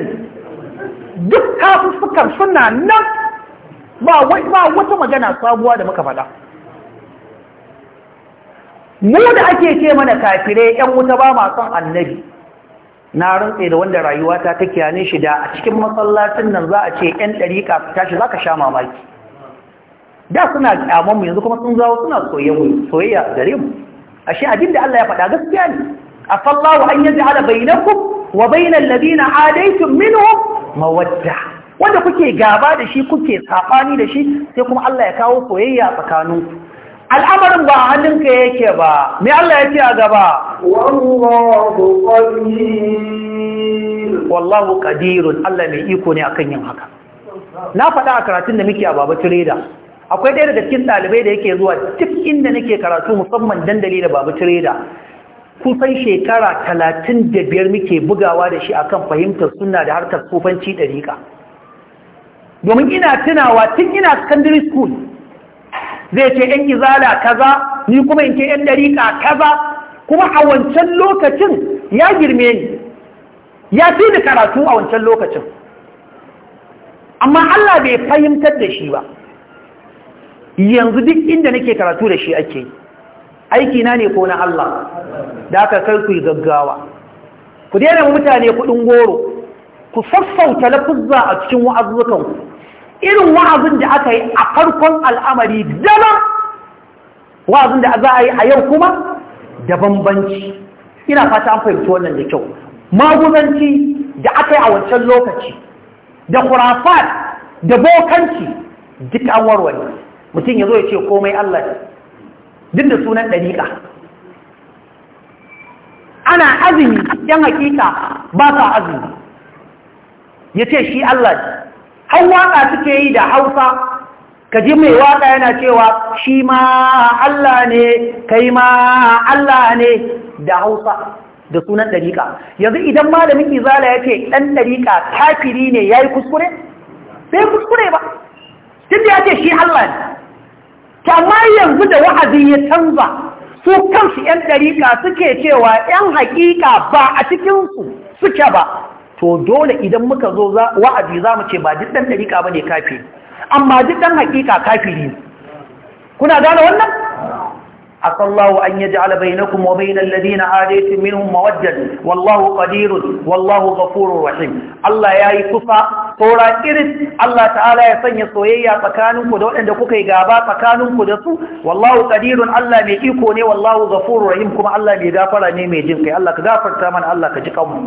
duk kafin suna nan ba wata magana sabuwa da muka faɗa mu da ake ce mana kafire ‘yan wuta ba masu annabi na rantse da wanda rayuwata ta kiyane shi da a cikin masallacin nan za a ce yan ɗariƙa su tashi za ka sha mamaki da suna ƙyaman mu yanzu kuma sun zawo suna soyayya gare mu ashe abin da Allah ya faɗa gaskiya ne afallahu an yaj'ala bainakum wa bainal ladina adaytum minhum mawadda wanda kuke gaba da shi kuke saɓani da shi sai kuma Allah ya kawo soyayya tsakaninku al'amarin ba hannunka yake ba mai Allah ya ce a gaba wallahu qadir wallahu Allah mai iko ne akan yin haka na faɗa a karatun da muke a Baba Tireda akwai ɗaya daga cikin ɗalibai da yake zuwa duk inda nake karatu musamman dandali da Baba Tireda kusan shekara talatin da biyar muke bugawa da shi akan fahimtar suna da harkar kufanci ɗariƙa domin ina tunawa tun ina secondary school zai ce ‘yan izala kaza ni kuma in ce ‘yan dariƙa kaza kuma a wancan lokacin ya girme ni ya fi ni karatu a wancan lokacin amma Allah bai fahimtar da shi ba yanzu duk inda nake karatu da shi ake aiki na ne ko na Allah da aka kai ku yi gaggawa ku daina mutane kuɗin goro ku sassauta lafuzza a cikin wa'azzukanku irin wa'azin da aka yi a farkon al'amari daban wa'azin da za a yi a yau kuma da bambanci ina fata an fahimci wannan da kyau maguzanci da aka yi a wancan lokaci da kurafat da bokanci duk an warware mutum ya zo ya ce komai Allah duk da sunan ɗariƙa ana azumi yan hakika ba ka azumi ya ce shi Allah har waƙa suke yi da hausa ka ji mai waƙa yana cewa shi ma Allah ne kai ma Allah ne da hausa da sunan ɗariƙa yanzu idan malamin izala ya ce ɗan ɗariƙa kafiri ne ya yi kuskure bai kuskure ba tun da ya ce shi Allah ne amma yanzu da wa'azi ya canza su kansu ‘yan ɗariƙa suke cewa ‘yan haƙiƙa ba a cikinsu suke ba to dole idan muka zo wa'adi za mu ce ba duk ɗan ɗariƙa ba ne kafi amma duk ɗan haƙiƙa kafi ne kuna gane wannan? a sallahu an yaji albai na kuma bai na lalari na wallahu ƙadirun wallahu ghafurur rahim Allah ya yi kusa tora irin Allah ta'ala ya sanya soyayya tsakaninku da waɗanda kuka yi gaba tsakaninku da su wallahu ƙadirun Allah mai iko ne wallahu ghafurur rahim kuma Allah mai gafara ne mai jin kai Allah ka gafarta mana Allah ka ji kanmu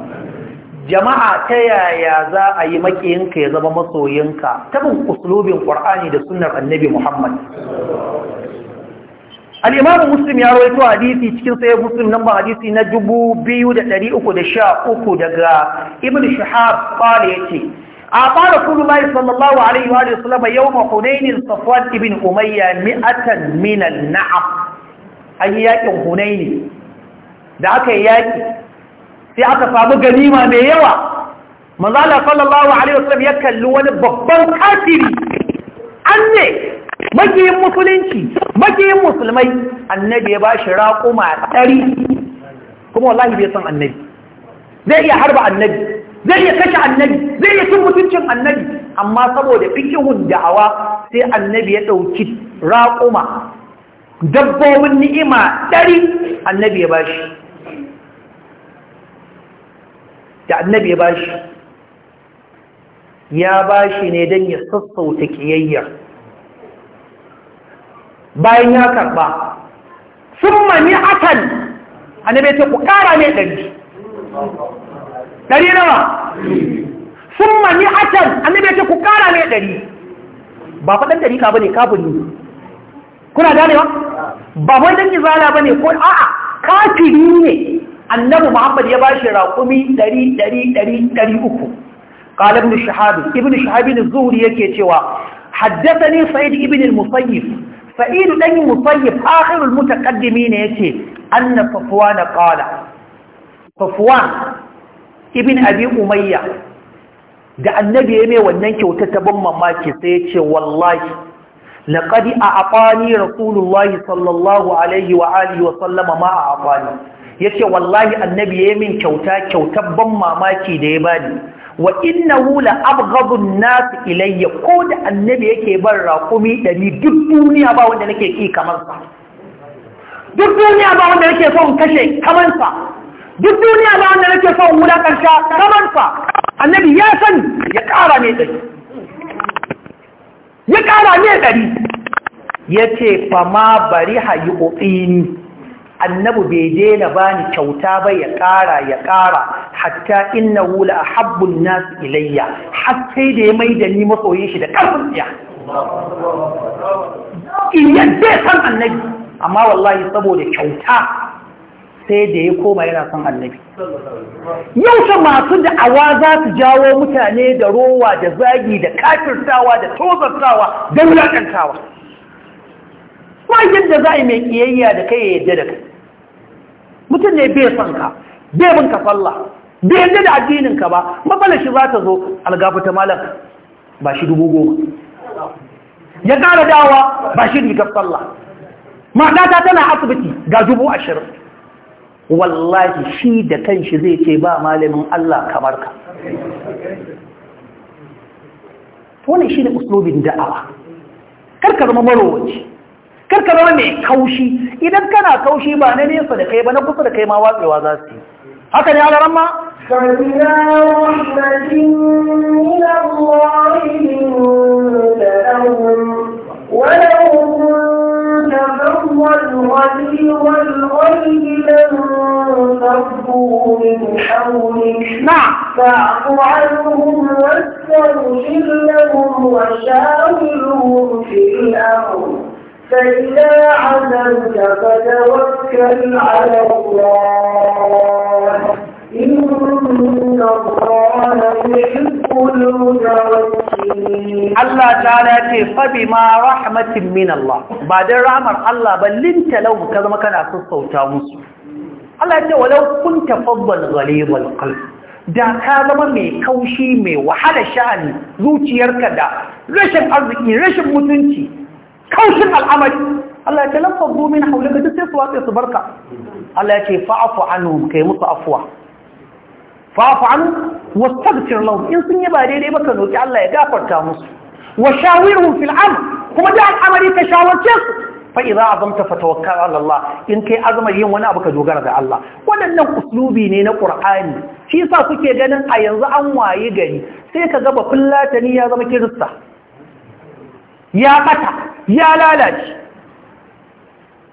jama'a ta yaya za a yi makiyinka ya zama masoyinka tabin uslubin ƙwar'ani da sunnar annabi muhammad al'imamu muslim ya rawaito hadisi cikin sayar muslim nan ba hadisi na 2,313 daga ibn shahab ƙwale ya ce a fara kulu mai sallallahu alaihi wa sallama yau mahunainin safwan ibn umayya mi'atan minal na'am an yi yaƙin hunaini da aka yi yaƙi sai aka samu ganima mai yawa manzala sallallahu alaihi wasallam ya kalli wani babban kafiri an ne makiyin musulunci makiyin musulmai annabi ya bashi raƙuma ɗari kuma wallahi bai san annabi zai iya harba annabi zai iya kashe annabi zai iya cin mutuncin annabi amma saboda fikihun da'awa sai annabi ya ɗauki raƙuma dabbobin ni'ima ɗari annabi ya bashi da annabi ya bashi ya bashi ne don ya sassauta kiyayya bayan ya karɓa sun mani akan annabi ta ku ƙara ne ɗari ɗari nawa sun mani akan annabi ta ku ƙara ne ɗari ba faɗin ɗari ka bane kafin ne kuna ganewa ba wani ɗan zala bane ko a'a kafiri ne annabi muhammad ya bashi raƙumi 100-100-300 قال ابن Ibn ابن شهاب الزهري yake cewa haddathani sa'id ibn al-musayyib sa'id dan musayyib akhir al-mutaqaddimin yace anna safwan qala safwan ibn abi umayya da annabi ya mai wannan kyauta ta ban mamaki sai ya ce wallahi laqad a'tani rasulullahi sallallahu alaihi wa alihi wa sallama ma a'tani yace wallahi annabi yayi min kyauta kyautar ban mamaki da ya bani wa innahu la abghadu an-nas ilayya ko da annabi yake ban raƙumi ɗari duk duniya ba wanda nake ƙi kamar sa duk duniya ba wanda nake son kashe kamar sa duk duniya ba wanda nake son karsha kamar sa annabi ya sani ya ƙara ne dari ya ƙara ne dari yace fama bari bariha yuqini Annabu bai daina ni kyauta ba ya ƙara ya ƙara hatta inna wula a habbun nasu ilayya hatta da ya mai da ni masoyin shi da ƙarfin tsiya in yadda ya san annabi amma wallahi saboda kyauta sai da ya koma yana son annabi yau ta masu da'awa za su jawo mutane da rowa da zagi da kafirtawa da tozartawa da wulaƙantawa ba yadda za a yi mai ƙiyayya da kai ya yadda da kai mutum ne bai son ka bai bin ka sallah bai yadda da addinin ka ba matsalar shi za ta zo algafu ta malar ba shi dubu goma ya ƙara dawa ba shi rigar sallah matata tana asibiti ga dubu ashirin wallahi shi da kan shi zai ce ba malamin Allah kamar ka wani shi ne uslobin da'awa karkar zama marowaci karka zama mai kaushi idan kana kaushi ba na nesa da kai ba na kusa da kai ma watsewa za su yi haka ne ala ramma ولو كنت فظا غليظ الغيب لانفضوا من حولك نعم فاعف عنهم واستغفر لهم وشاورهم في الامر فإذا عزمت فتوكل على الله إن الله يحب المتوكلين الله تعالى فبما رحمة من الله بعد رحمة الله بل انت لو كذا ما كان أصوص وتامس Allah ya ce walau kun tafabbal ghalibal qalb da ka zama mai kaushi mai wahala sha'ani zuciyarka da rashin arziki rashin mutunci kaushin al'amari Allah ya ce lan fadu min haulaka duk sai su watsa su barka Allah ya ce fa'fu anhum kai musu afwa fa'fu anhum wastaghfir lahum in sun yi ba daidai ba ka roki Allah ya gafarta musu wa shawirhum fil amr kuma da al'amari ka shawarce su fa idza azamta fatawakkal ala Allah in kai azmar yin wani abu ka dogara ga Allah Waɗannan uslubi ne na Qur'ani shi yasa kuke ganin a yanzu an waye gari sai ka ga ba fullatani ya zama kirista ya bata ya lalace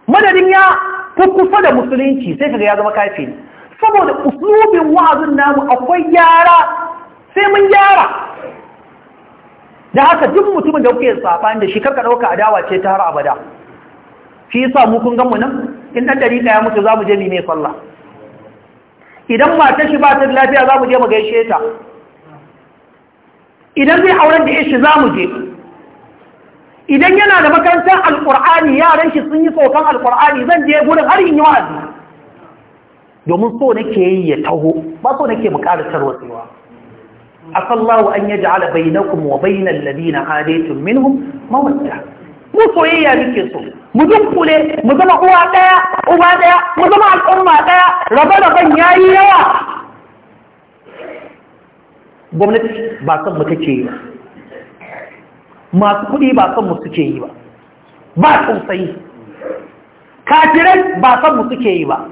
madadin ya kusa da musulunci sai kaga ya zama kafiri saboda uslubin wa'azin namu akwai gyara sai mun gyara da haka duk mutumin da kuke safani da shi karka dauka adawa ce ta har abada shi yasa mu kun ganmu nan in dan dari ya mutu zamu je mu mai sallah idan matar shi ba ta lafiya zamu je mu gaishe ta idan zai auren da ishi zamu je idan yana da makarantar alkur'ani yaran shi sun yi tsokan alkur'ani zan je gurin har yin wa'azi domin so nake yi ya taho ba so nake mukaratar wasewa asallahu an yaj'ala bainakum wa bainal ladina hadaytum minhum mawadda mu soyayya nake so mu dunkule mu zama uwa daya uba daya mu zama al'umma daya raba raban yayi yawa gwamnati ba san mu take yi ba masu kuɗi ba son mu suke yi ba ba tausayi kafirai ba son mu suke yi ba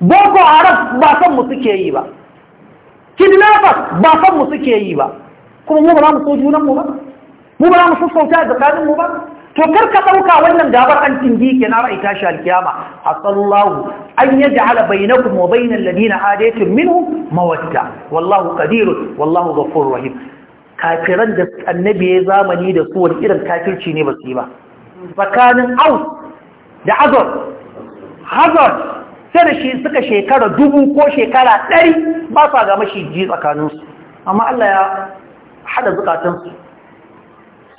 boko haram ba son musu ke yi ba kidnappers ba son musu ke yi ba kuma mu ba za mu so junan mu ba mu ba za mu sassauta da tsakanin mu ba to kar ka dauka wannan gabar an tindi ke na ra'ita shi alkiyama asallahu an yaj'ala bainakum wa bainal ladina adaytum minhum mawadda wallahu qadirun wallahu ghafurur rahim kafiran da annabi ya zamani da su wani irin kafirci ne ba su yi ba tsakanin Aus da azor hazard sai da shi suka shekara dubu ko shekara ɗari ba sa ga mashi ji tsakaninsu amma Allah ya hada zukatansu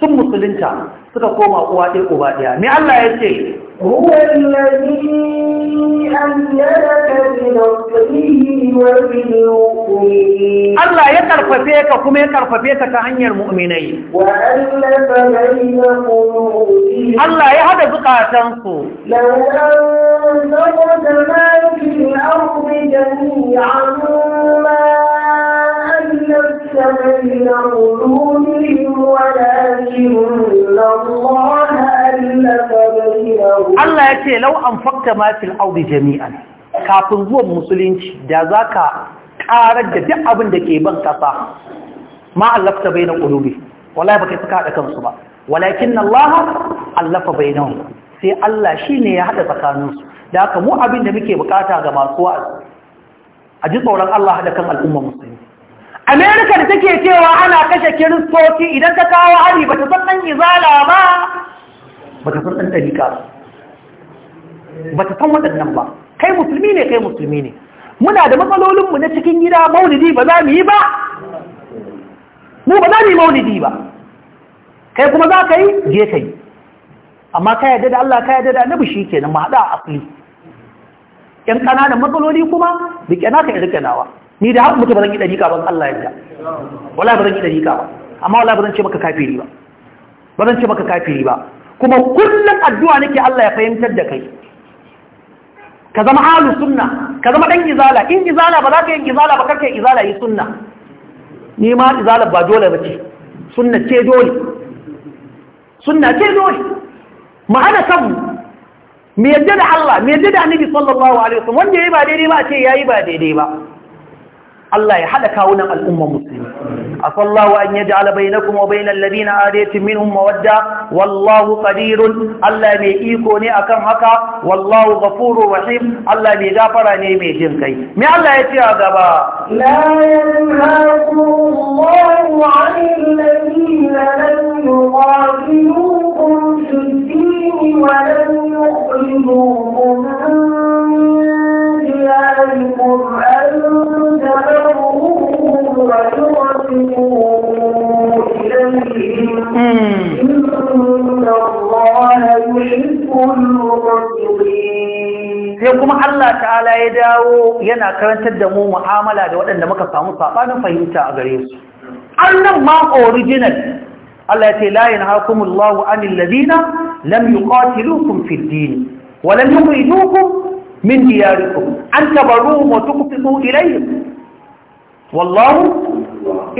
sun musulunta suka koma uwa ɗin uba ɗaya. me Allah ya ce, Allah ya ƙarfafe ka kuma ya ƙarfafe ka ta hanyar mu'minai. Allah ya haɗa zukatansu. Lauran zama da mafi al'ubi da ni a Allah ya ce lau'an fakta ألف بينهم الله kafin zuwan musulunci da za ka ƙarar da duk abin da ke ban ƙasa ma allafta bai na ƙulubi wala ba kai suka haɗa kansu ba walakin na Allah allafa bai na sai Allah shi ne ya haɗa tsakaninsu da haka mu abin da muke bukata ga masu wa'azi a ji tsoron Allah haɗa kan al'ummar musulunci. amerika da take cewa ana kashe kiristoci idan ta kawo hari ba ta san ɗan izala ba ba ta san ɗan ɗarika ba ta san waɗannan ba kai musulmi ne kai musulmi ne muna da matsalolinmu na cikin gida maulidi ba za mu yi ba mu ba za mu yi maulidi ba kai kuma za ka yi je ka yi amma ka yadda da Allah ka yadda da nabi shi kenan mu haɗa a asali ƴan ƙananan matsaloli kuma da ƙyanaka in riƙe nawa ni da haka mutu ba zan yi dariƙa ba Allah ya Wala wallahi ba zan yi dariƙa ba amma wala ba zan ce maka kafiri ba ba zan ce maka kafiri ba kuma kullum addu'a nake Allah ya fahimtar da kai ka zama Alu sunna ka zama dan izala in izala ba za ka yi izala ba karka yi izala yi sunna ni ma izala ba dole ba ce sunna ce dole sunna ce dole mu hana kanmu yadda da Allah me yadda da Annabi sallallahu alaihi wasallam wanda yayi ba daidai ba a ce yayi ba daidai ba Allah ya hada kawunan al'umma musulmi asallahu an yaj'ala bainakum wa bainal ladina adaytum minhum mawadda wallahu qadirun Allah mai iko ne akan haka wallahu ghafurur rahim Allah mai gafara ne mai jin kai me Allah ya ce a gaba la yanhaqullahu 'anil ladina lam yuqatilukum fid din wa lam yuqatilukum sai kuma Allah ta'ala ya dawo yana karantar da mu mu'amala da waɗanda muka samu saɓanin fahimta a gare su annan ma original Allah ya ce la yanhaakumullahu anil ladina lam yuqatilukum fid din wa lam yukhrijukum min diyarikum an tabarruhum wa tuqsitu ilayhim wallahu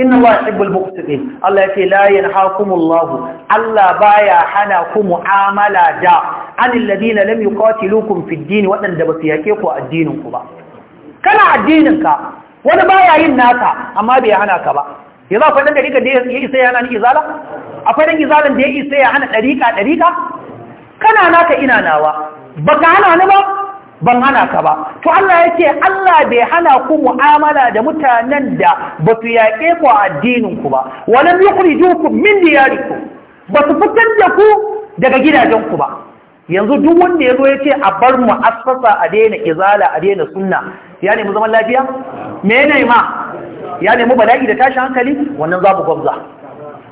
inna Allah yuhibbul muqsitin Allah yake la yanhaakumullahu Allah baya hana ku mu'amala da anil ladina lam yuqatilukum fid din wadanda basu yake ku addinin ku ba kana addinin ka wani baya yin naka amma bai hana ka ba yanzu akwai dan dariƙa da ya isa ya hana ni izala akwai dan izalan da ya isa ya hana dariƙa dariƙa kana naka ina nawa baka hana ni ba ban hana ka ba to Allah yake Allah bai hana ku mu'amala da mutanen da ba su yaƙe ku a addinin ku ba walam yukhrijukum min diyarikum ba su fitar da ku daga gidajen ku ba yanzu duk wanda yazo yace a bar mu asfasa a daina izala a daina sunna ya nemi zaman lafiya me ne ma ya nemi bala'i da tashin hankali wannan za mu gwabza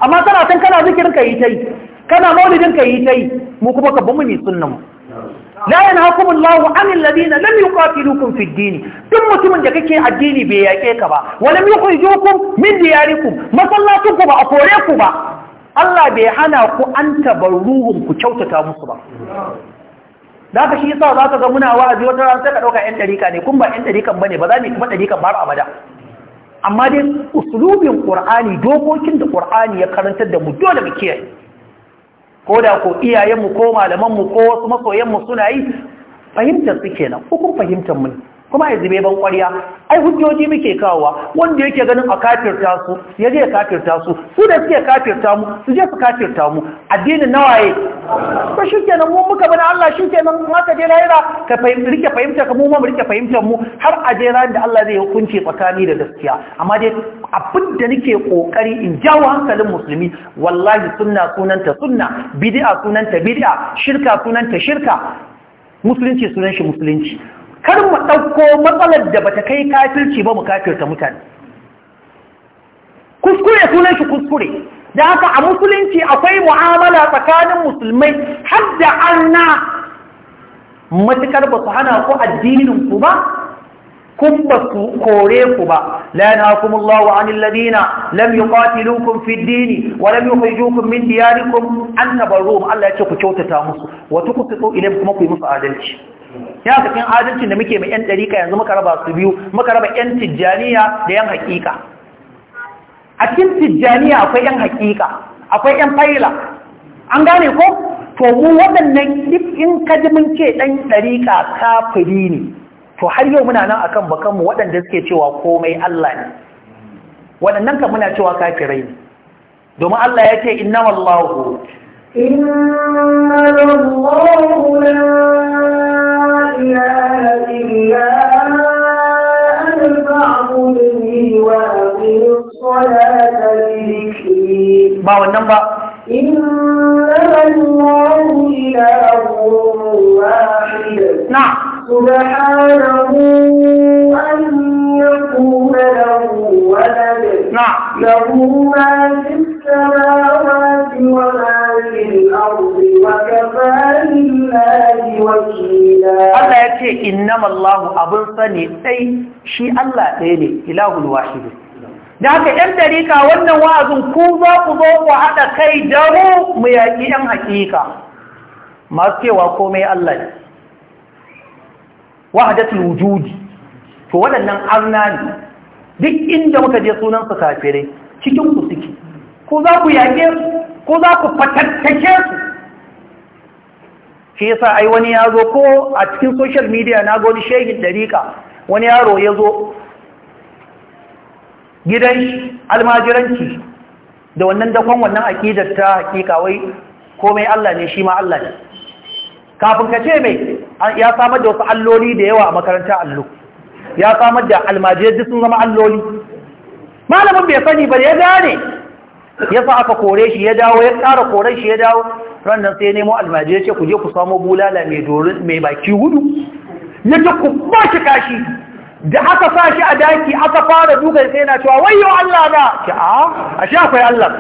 amma kana san kana zikirin ka yi ta yi kana maulidin ka yi ta yi mu kuma ka bi mu mu la yanhaakum Allahu 'anil ladina lam yuqatilukum fid din duk mutumin da kake addini bai yake ka ba wa lam yukhrijukum min diyarikum masallatukum ba a kore ku ba Allah bai hana ku an tabarruhum ku kyautata musu ba da ka shi yasa za ka ga muna wa'azi wata ran sai ka dauka yan dariƙa ne kun ba yan dariƙan bane ba za mu kuma dariƙan ba abada amma dai usulubin qur'ani dokokin da qur'ani ya karantar da mu dole mu kiyaye ko da ko iyayenmu ko malamanmu ko wasu masoyanmu suna yi fahimtar su kenan hukun fahimtar mu kuma ya zube ban ƙwarya ai hujjoji muke kawowa wanda yake ganin a kafirta su ya je kafirta su su da suke kafirta mu su je su kafirta mu addinin nawaye ba shi kenan mu muka bana Allah shi kenan ma ka je lahira ka rike fahimta ka mu rike fahimtar mu har a je ran da Allah zai hukunci tsakani da gaskiya amma dai abin da nake kokari in jawo hankalin musulmi wallahi sunna sunanta sunna bid'a sunanta bid'a shirka sunanta shirka musulunci sunan shi musulunci kar mu ɗauko matsalar da bata kai kafirci ba mu kafirta mutane kuskure sunan shi kuskure da haka a musulunci akwai mu'amala tsakanin musulmai har da na matukar ba su hana ku addinin ku ba kun ba su kore ku ba la yanhakum Allahu 'anil ladina lam yuqatilukum fid din wa lam yukhrijukum min diyarikum an Allah ya ce ku kyautata musu wa tuqsitu ilayhim kuma ku yi musu adalci ya cikin adalcin da muke mai yan ɗarika yanzu muka raba su biyu muka raba yan tijjaniya da yan haƙiƙa a cikin tijjaniya akwai yan haƙiƙa akwai yan faila an gane ko to mu waɗannan in ka ji mun ce ɗan ɗarika kafiri ne to har yau muna nan akan bakanmu waɗanda suke cewa komai Allah ne waɗannan kan muna cewa kafirai ne domin Allah ya ce inna wallahu inna wallahu la إله إلا أن فاعبدني الله إله واحد نعم سبحانه أن يكون له ولد نعم له ما في السماوات وما في الأرض وكفى بالله وكيلا الله يقول إنما الله أبن صني أي شيء الله إلي إله الواحد da haka ‘yan tarika wannan wa'azin ku za ku zo ku haɗa kai daro mu yaƙi ‘yan hakika masu cewa komai Allah ne wahadatul wujudi to waɗannan arna ne duk inda muka je sunan su kafirai cikin ku suke ko za ku yage su ko za ku fatattake su shi yasa ai wani yazo ko a cikin social media na ga wani shegin dariƙa wani yaro ya zo gidan almajiranci da wannan dakon wannan aƙidar ta haƙiƙa wai komai Allah ne shi ma Allah ne kafin ka ce mai ya samar da wasu alloli da yawa a makarantar allo ya samar da almajiyar sun zama alloli malamin bai sani ba ya gane ya sa aka kore shi ya dawo ya ƙara kore shi ya dawo rannan sai ya nemo almajiyar ce ku je ku samo bulala mai baki hudu ya ce ku ba shi kashi da aka sa shi a daki aka fara dukan sai na cewa wayo Allah na ce a ah, a shi akwai Allah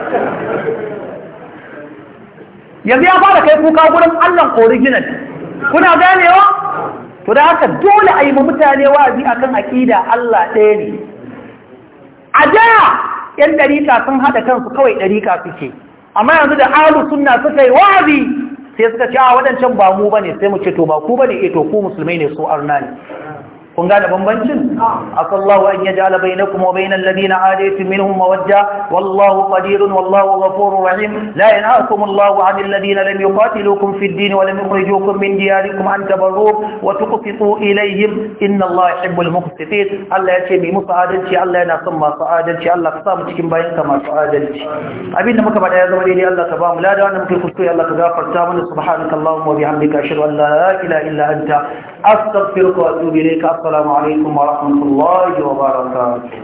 yanzu ya fara kai kuka gurin Allah original kuna ganewa to da haka dole a yi ma mutane wazi akan aƙida Allah ɗaya ne a da ‘yan ɗarika sun haɗa kansu kawai ɗarika suke amma yanzu da alu sunna suka yi wa'azi sai suka ce a waɗancan ba mu bane sai mu ce to ba ku bane eh to ku musulmai ne su arna ne kun gane bambancin ah. asallahu an ya yaj'ala bainakum wa bainal ladina adaytum minhum mawajja wallahu qadirun wallahu ghafurur rahim la yanhaakum allahu 'anil ladina lam yuqatilukum fid din wa lam yukhrijukum min diyarikum an tabarru wa tuqsitu ilayhim inna allaha yuhibbul muqsitin Allah yace mi musu adalci Allah yana son masu adalci Allah ka sa mu cikin bayin ka masu adalci abinda muka bada ya zama daidai Allah ka ba mu lada wanda muke kuskure Allah ka gafarta mana subhanakallahumma wa bihamdika ashhadu an la ilaha illa anta astaghfiruka wa atubu ilayka Assalamualaikum warahmatullahi wabarakatuh.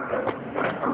Thank you.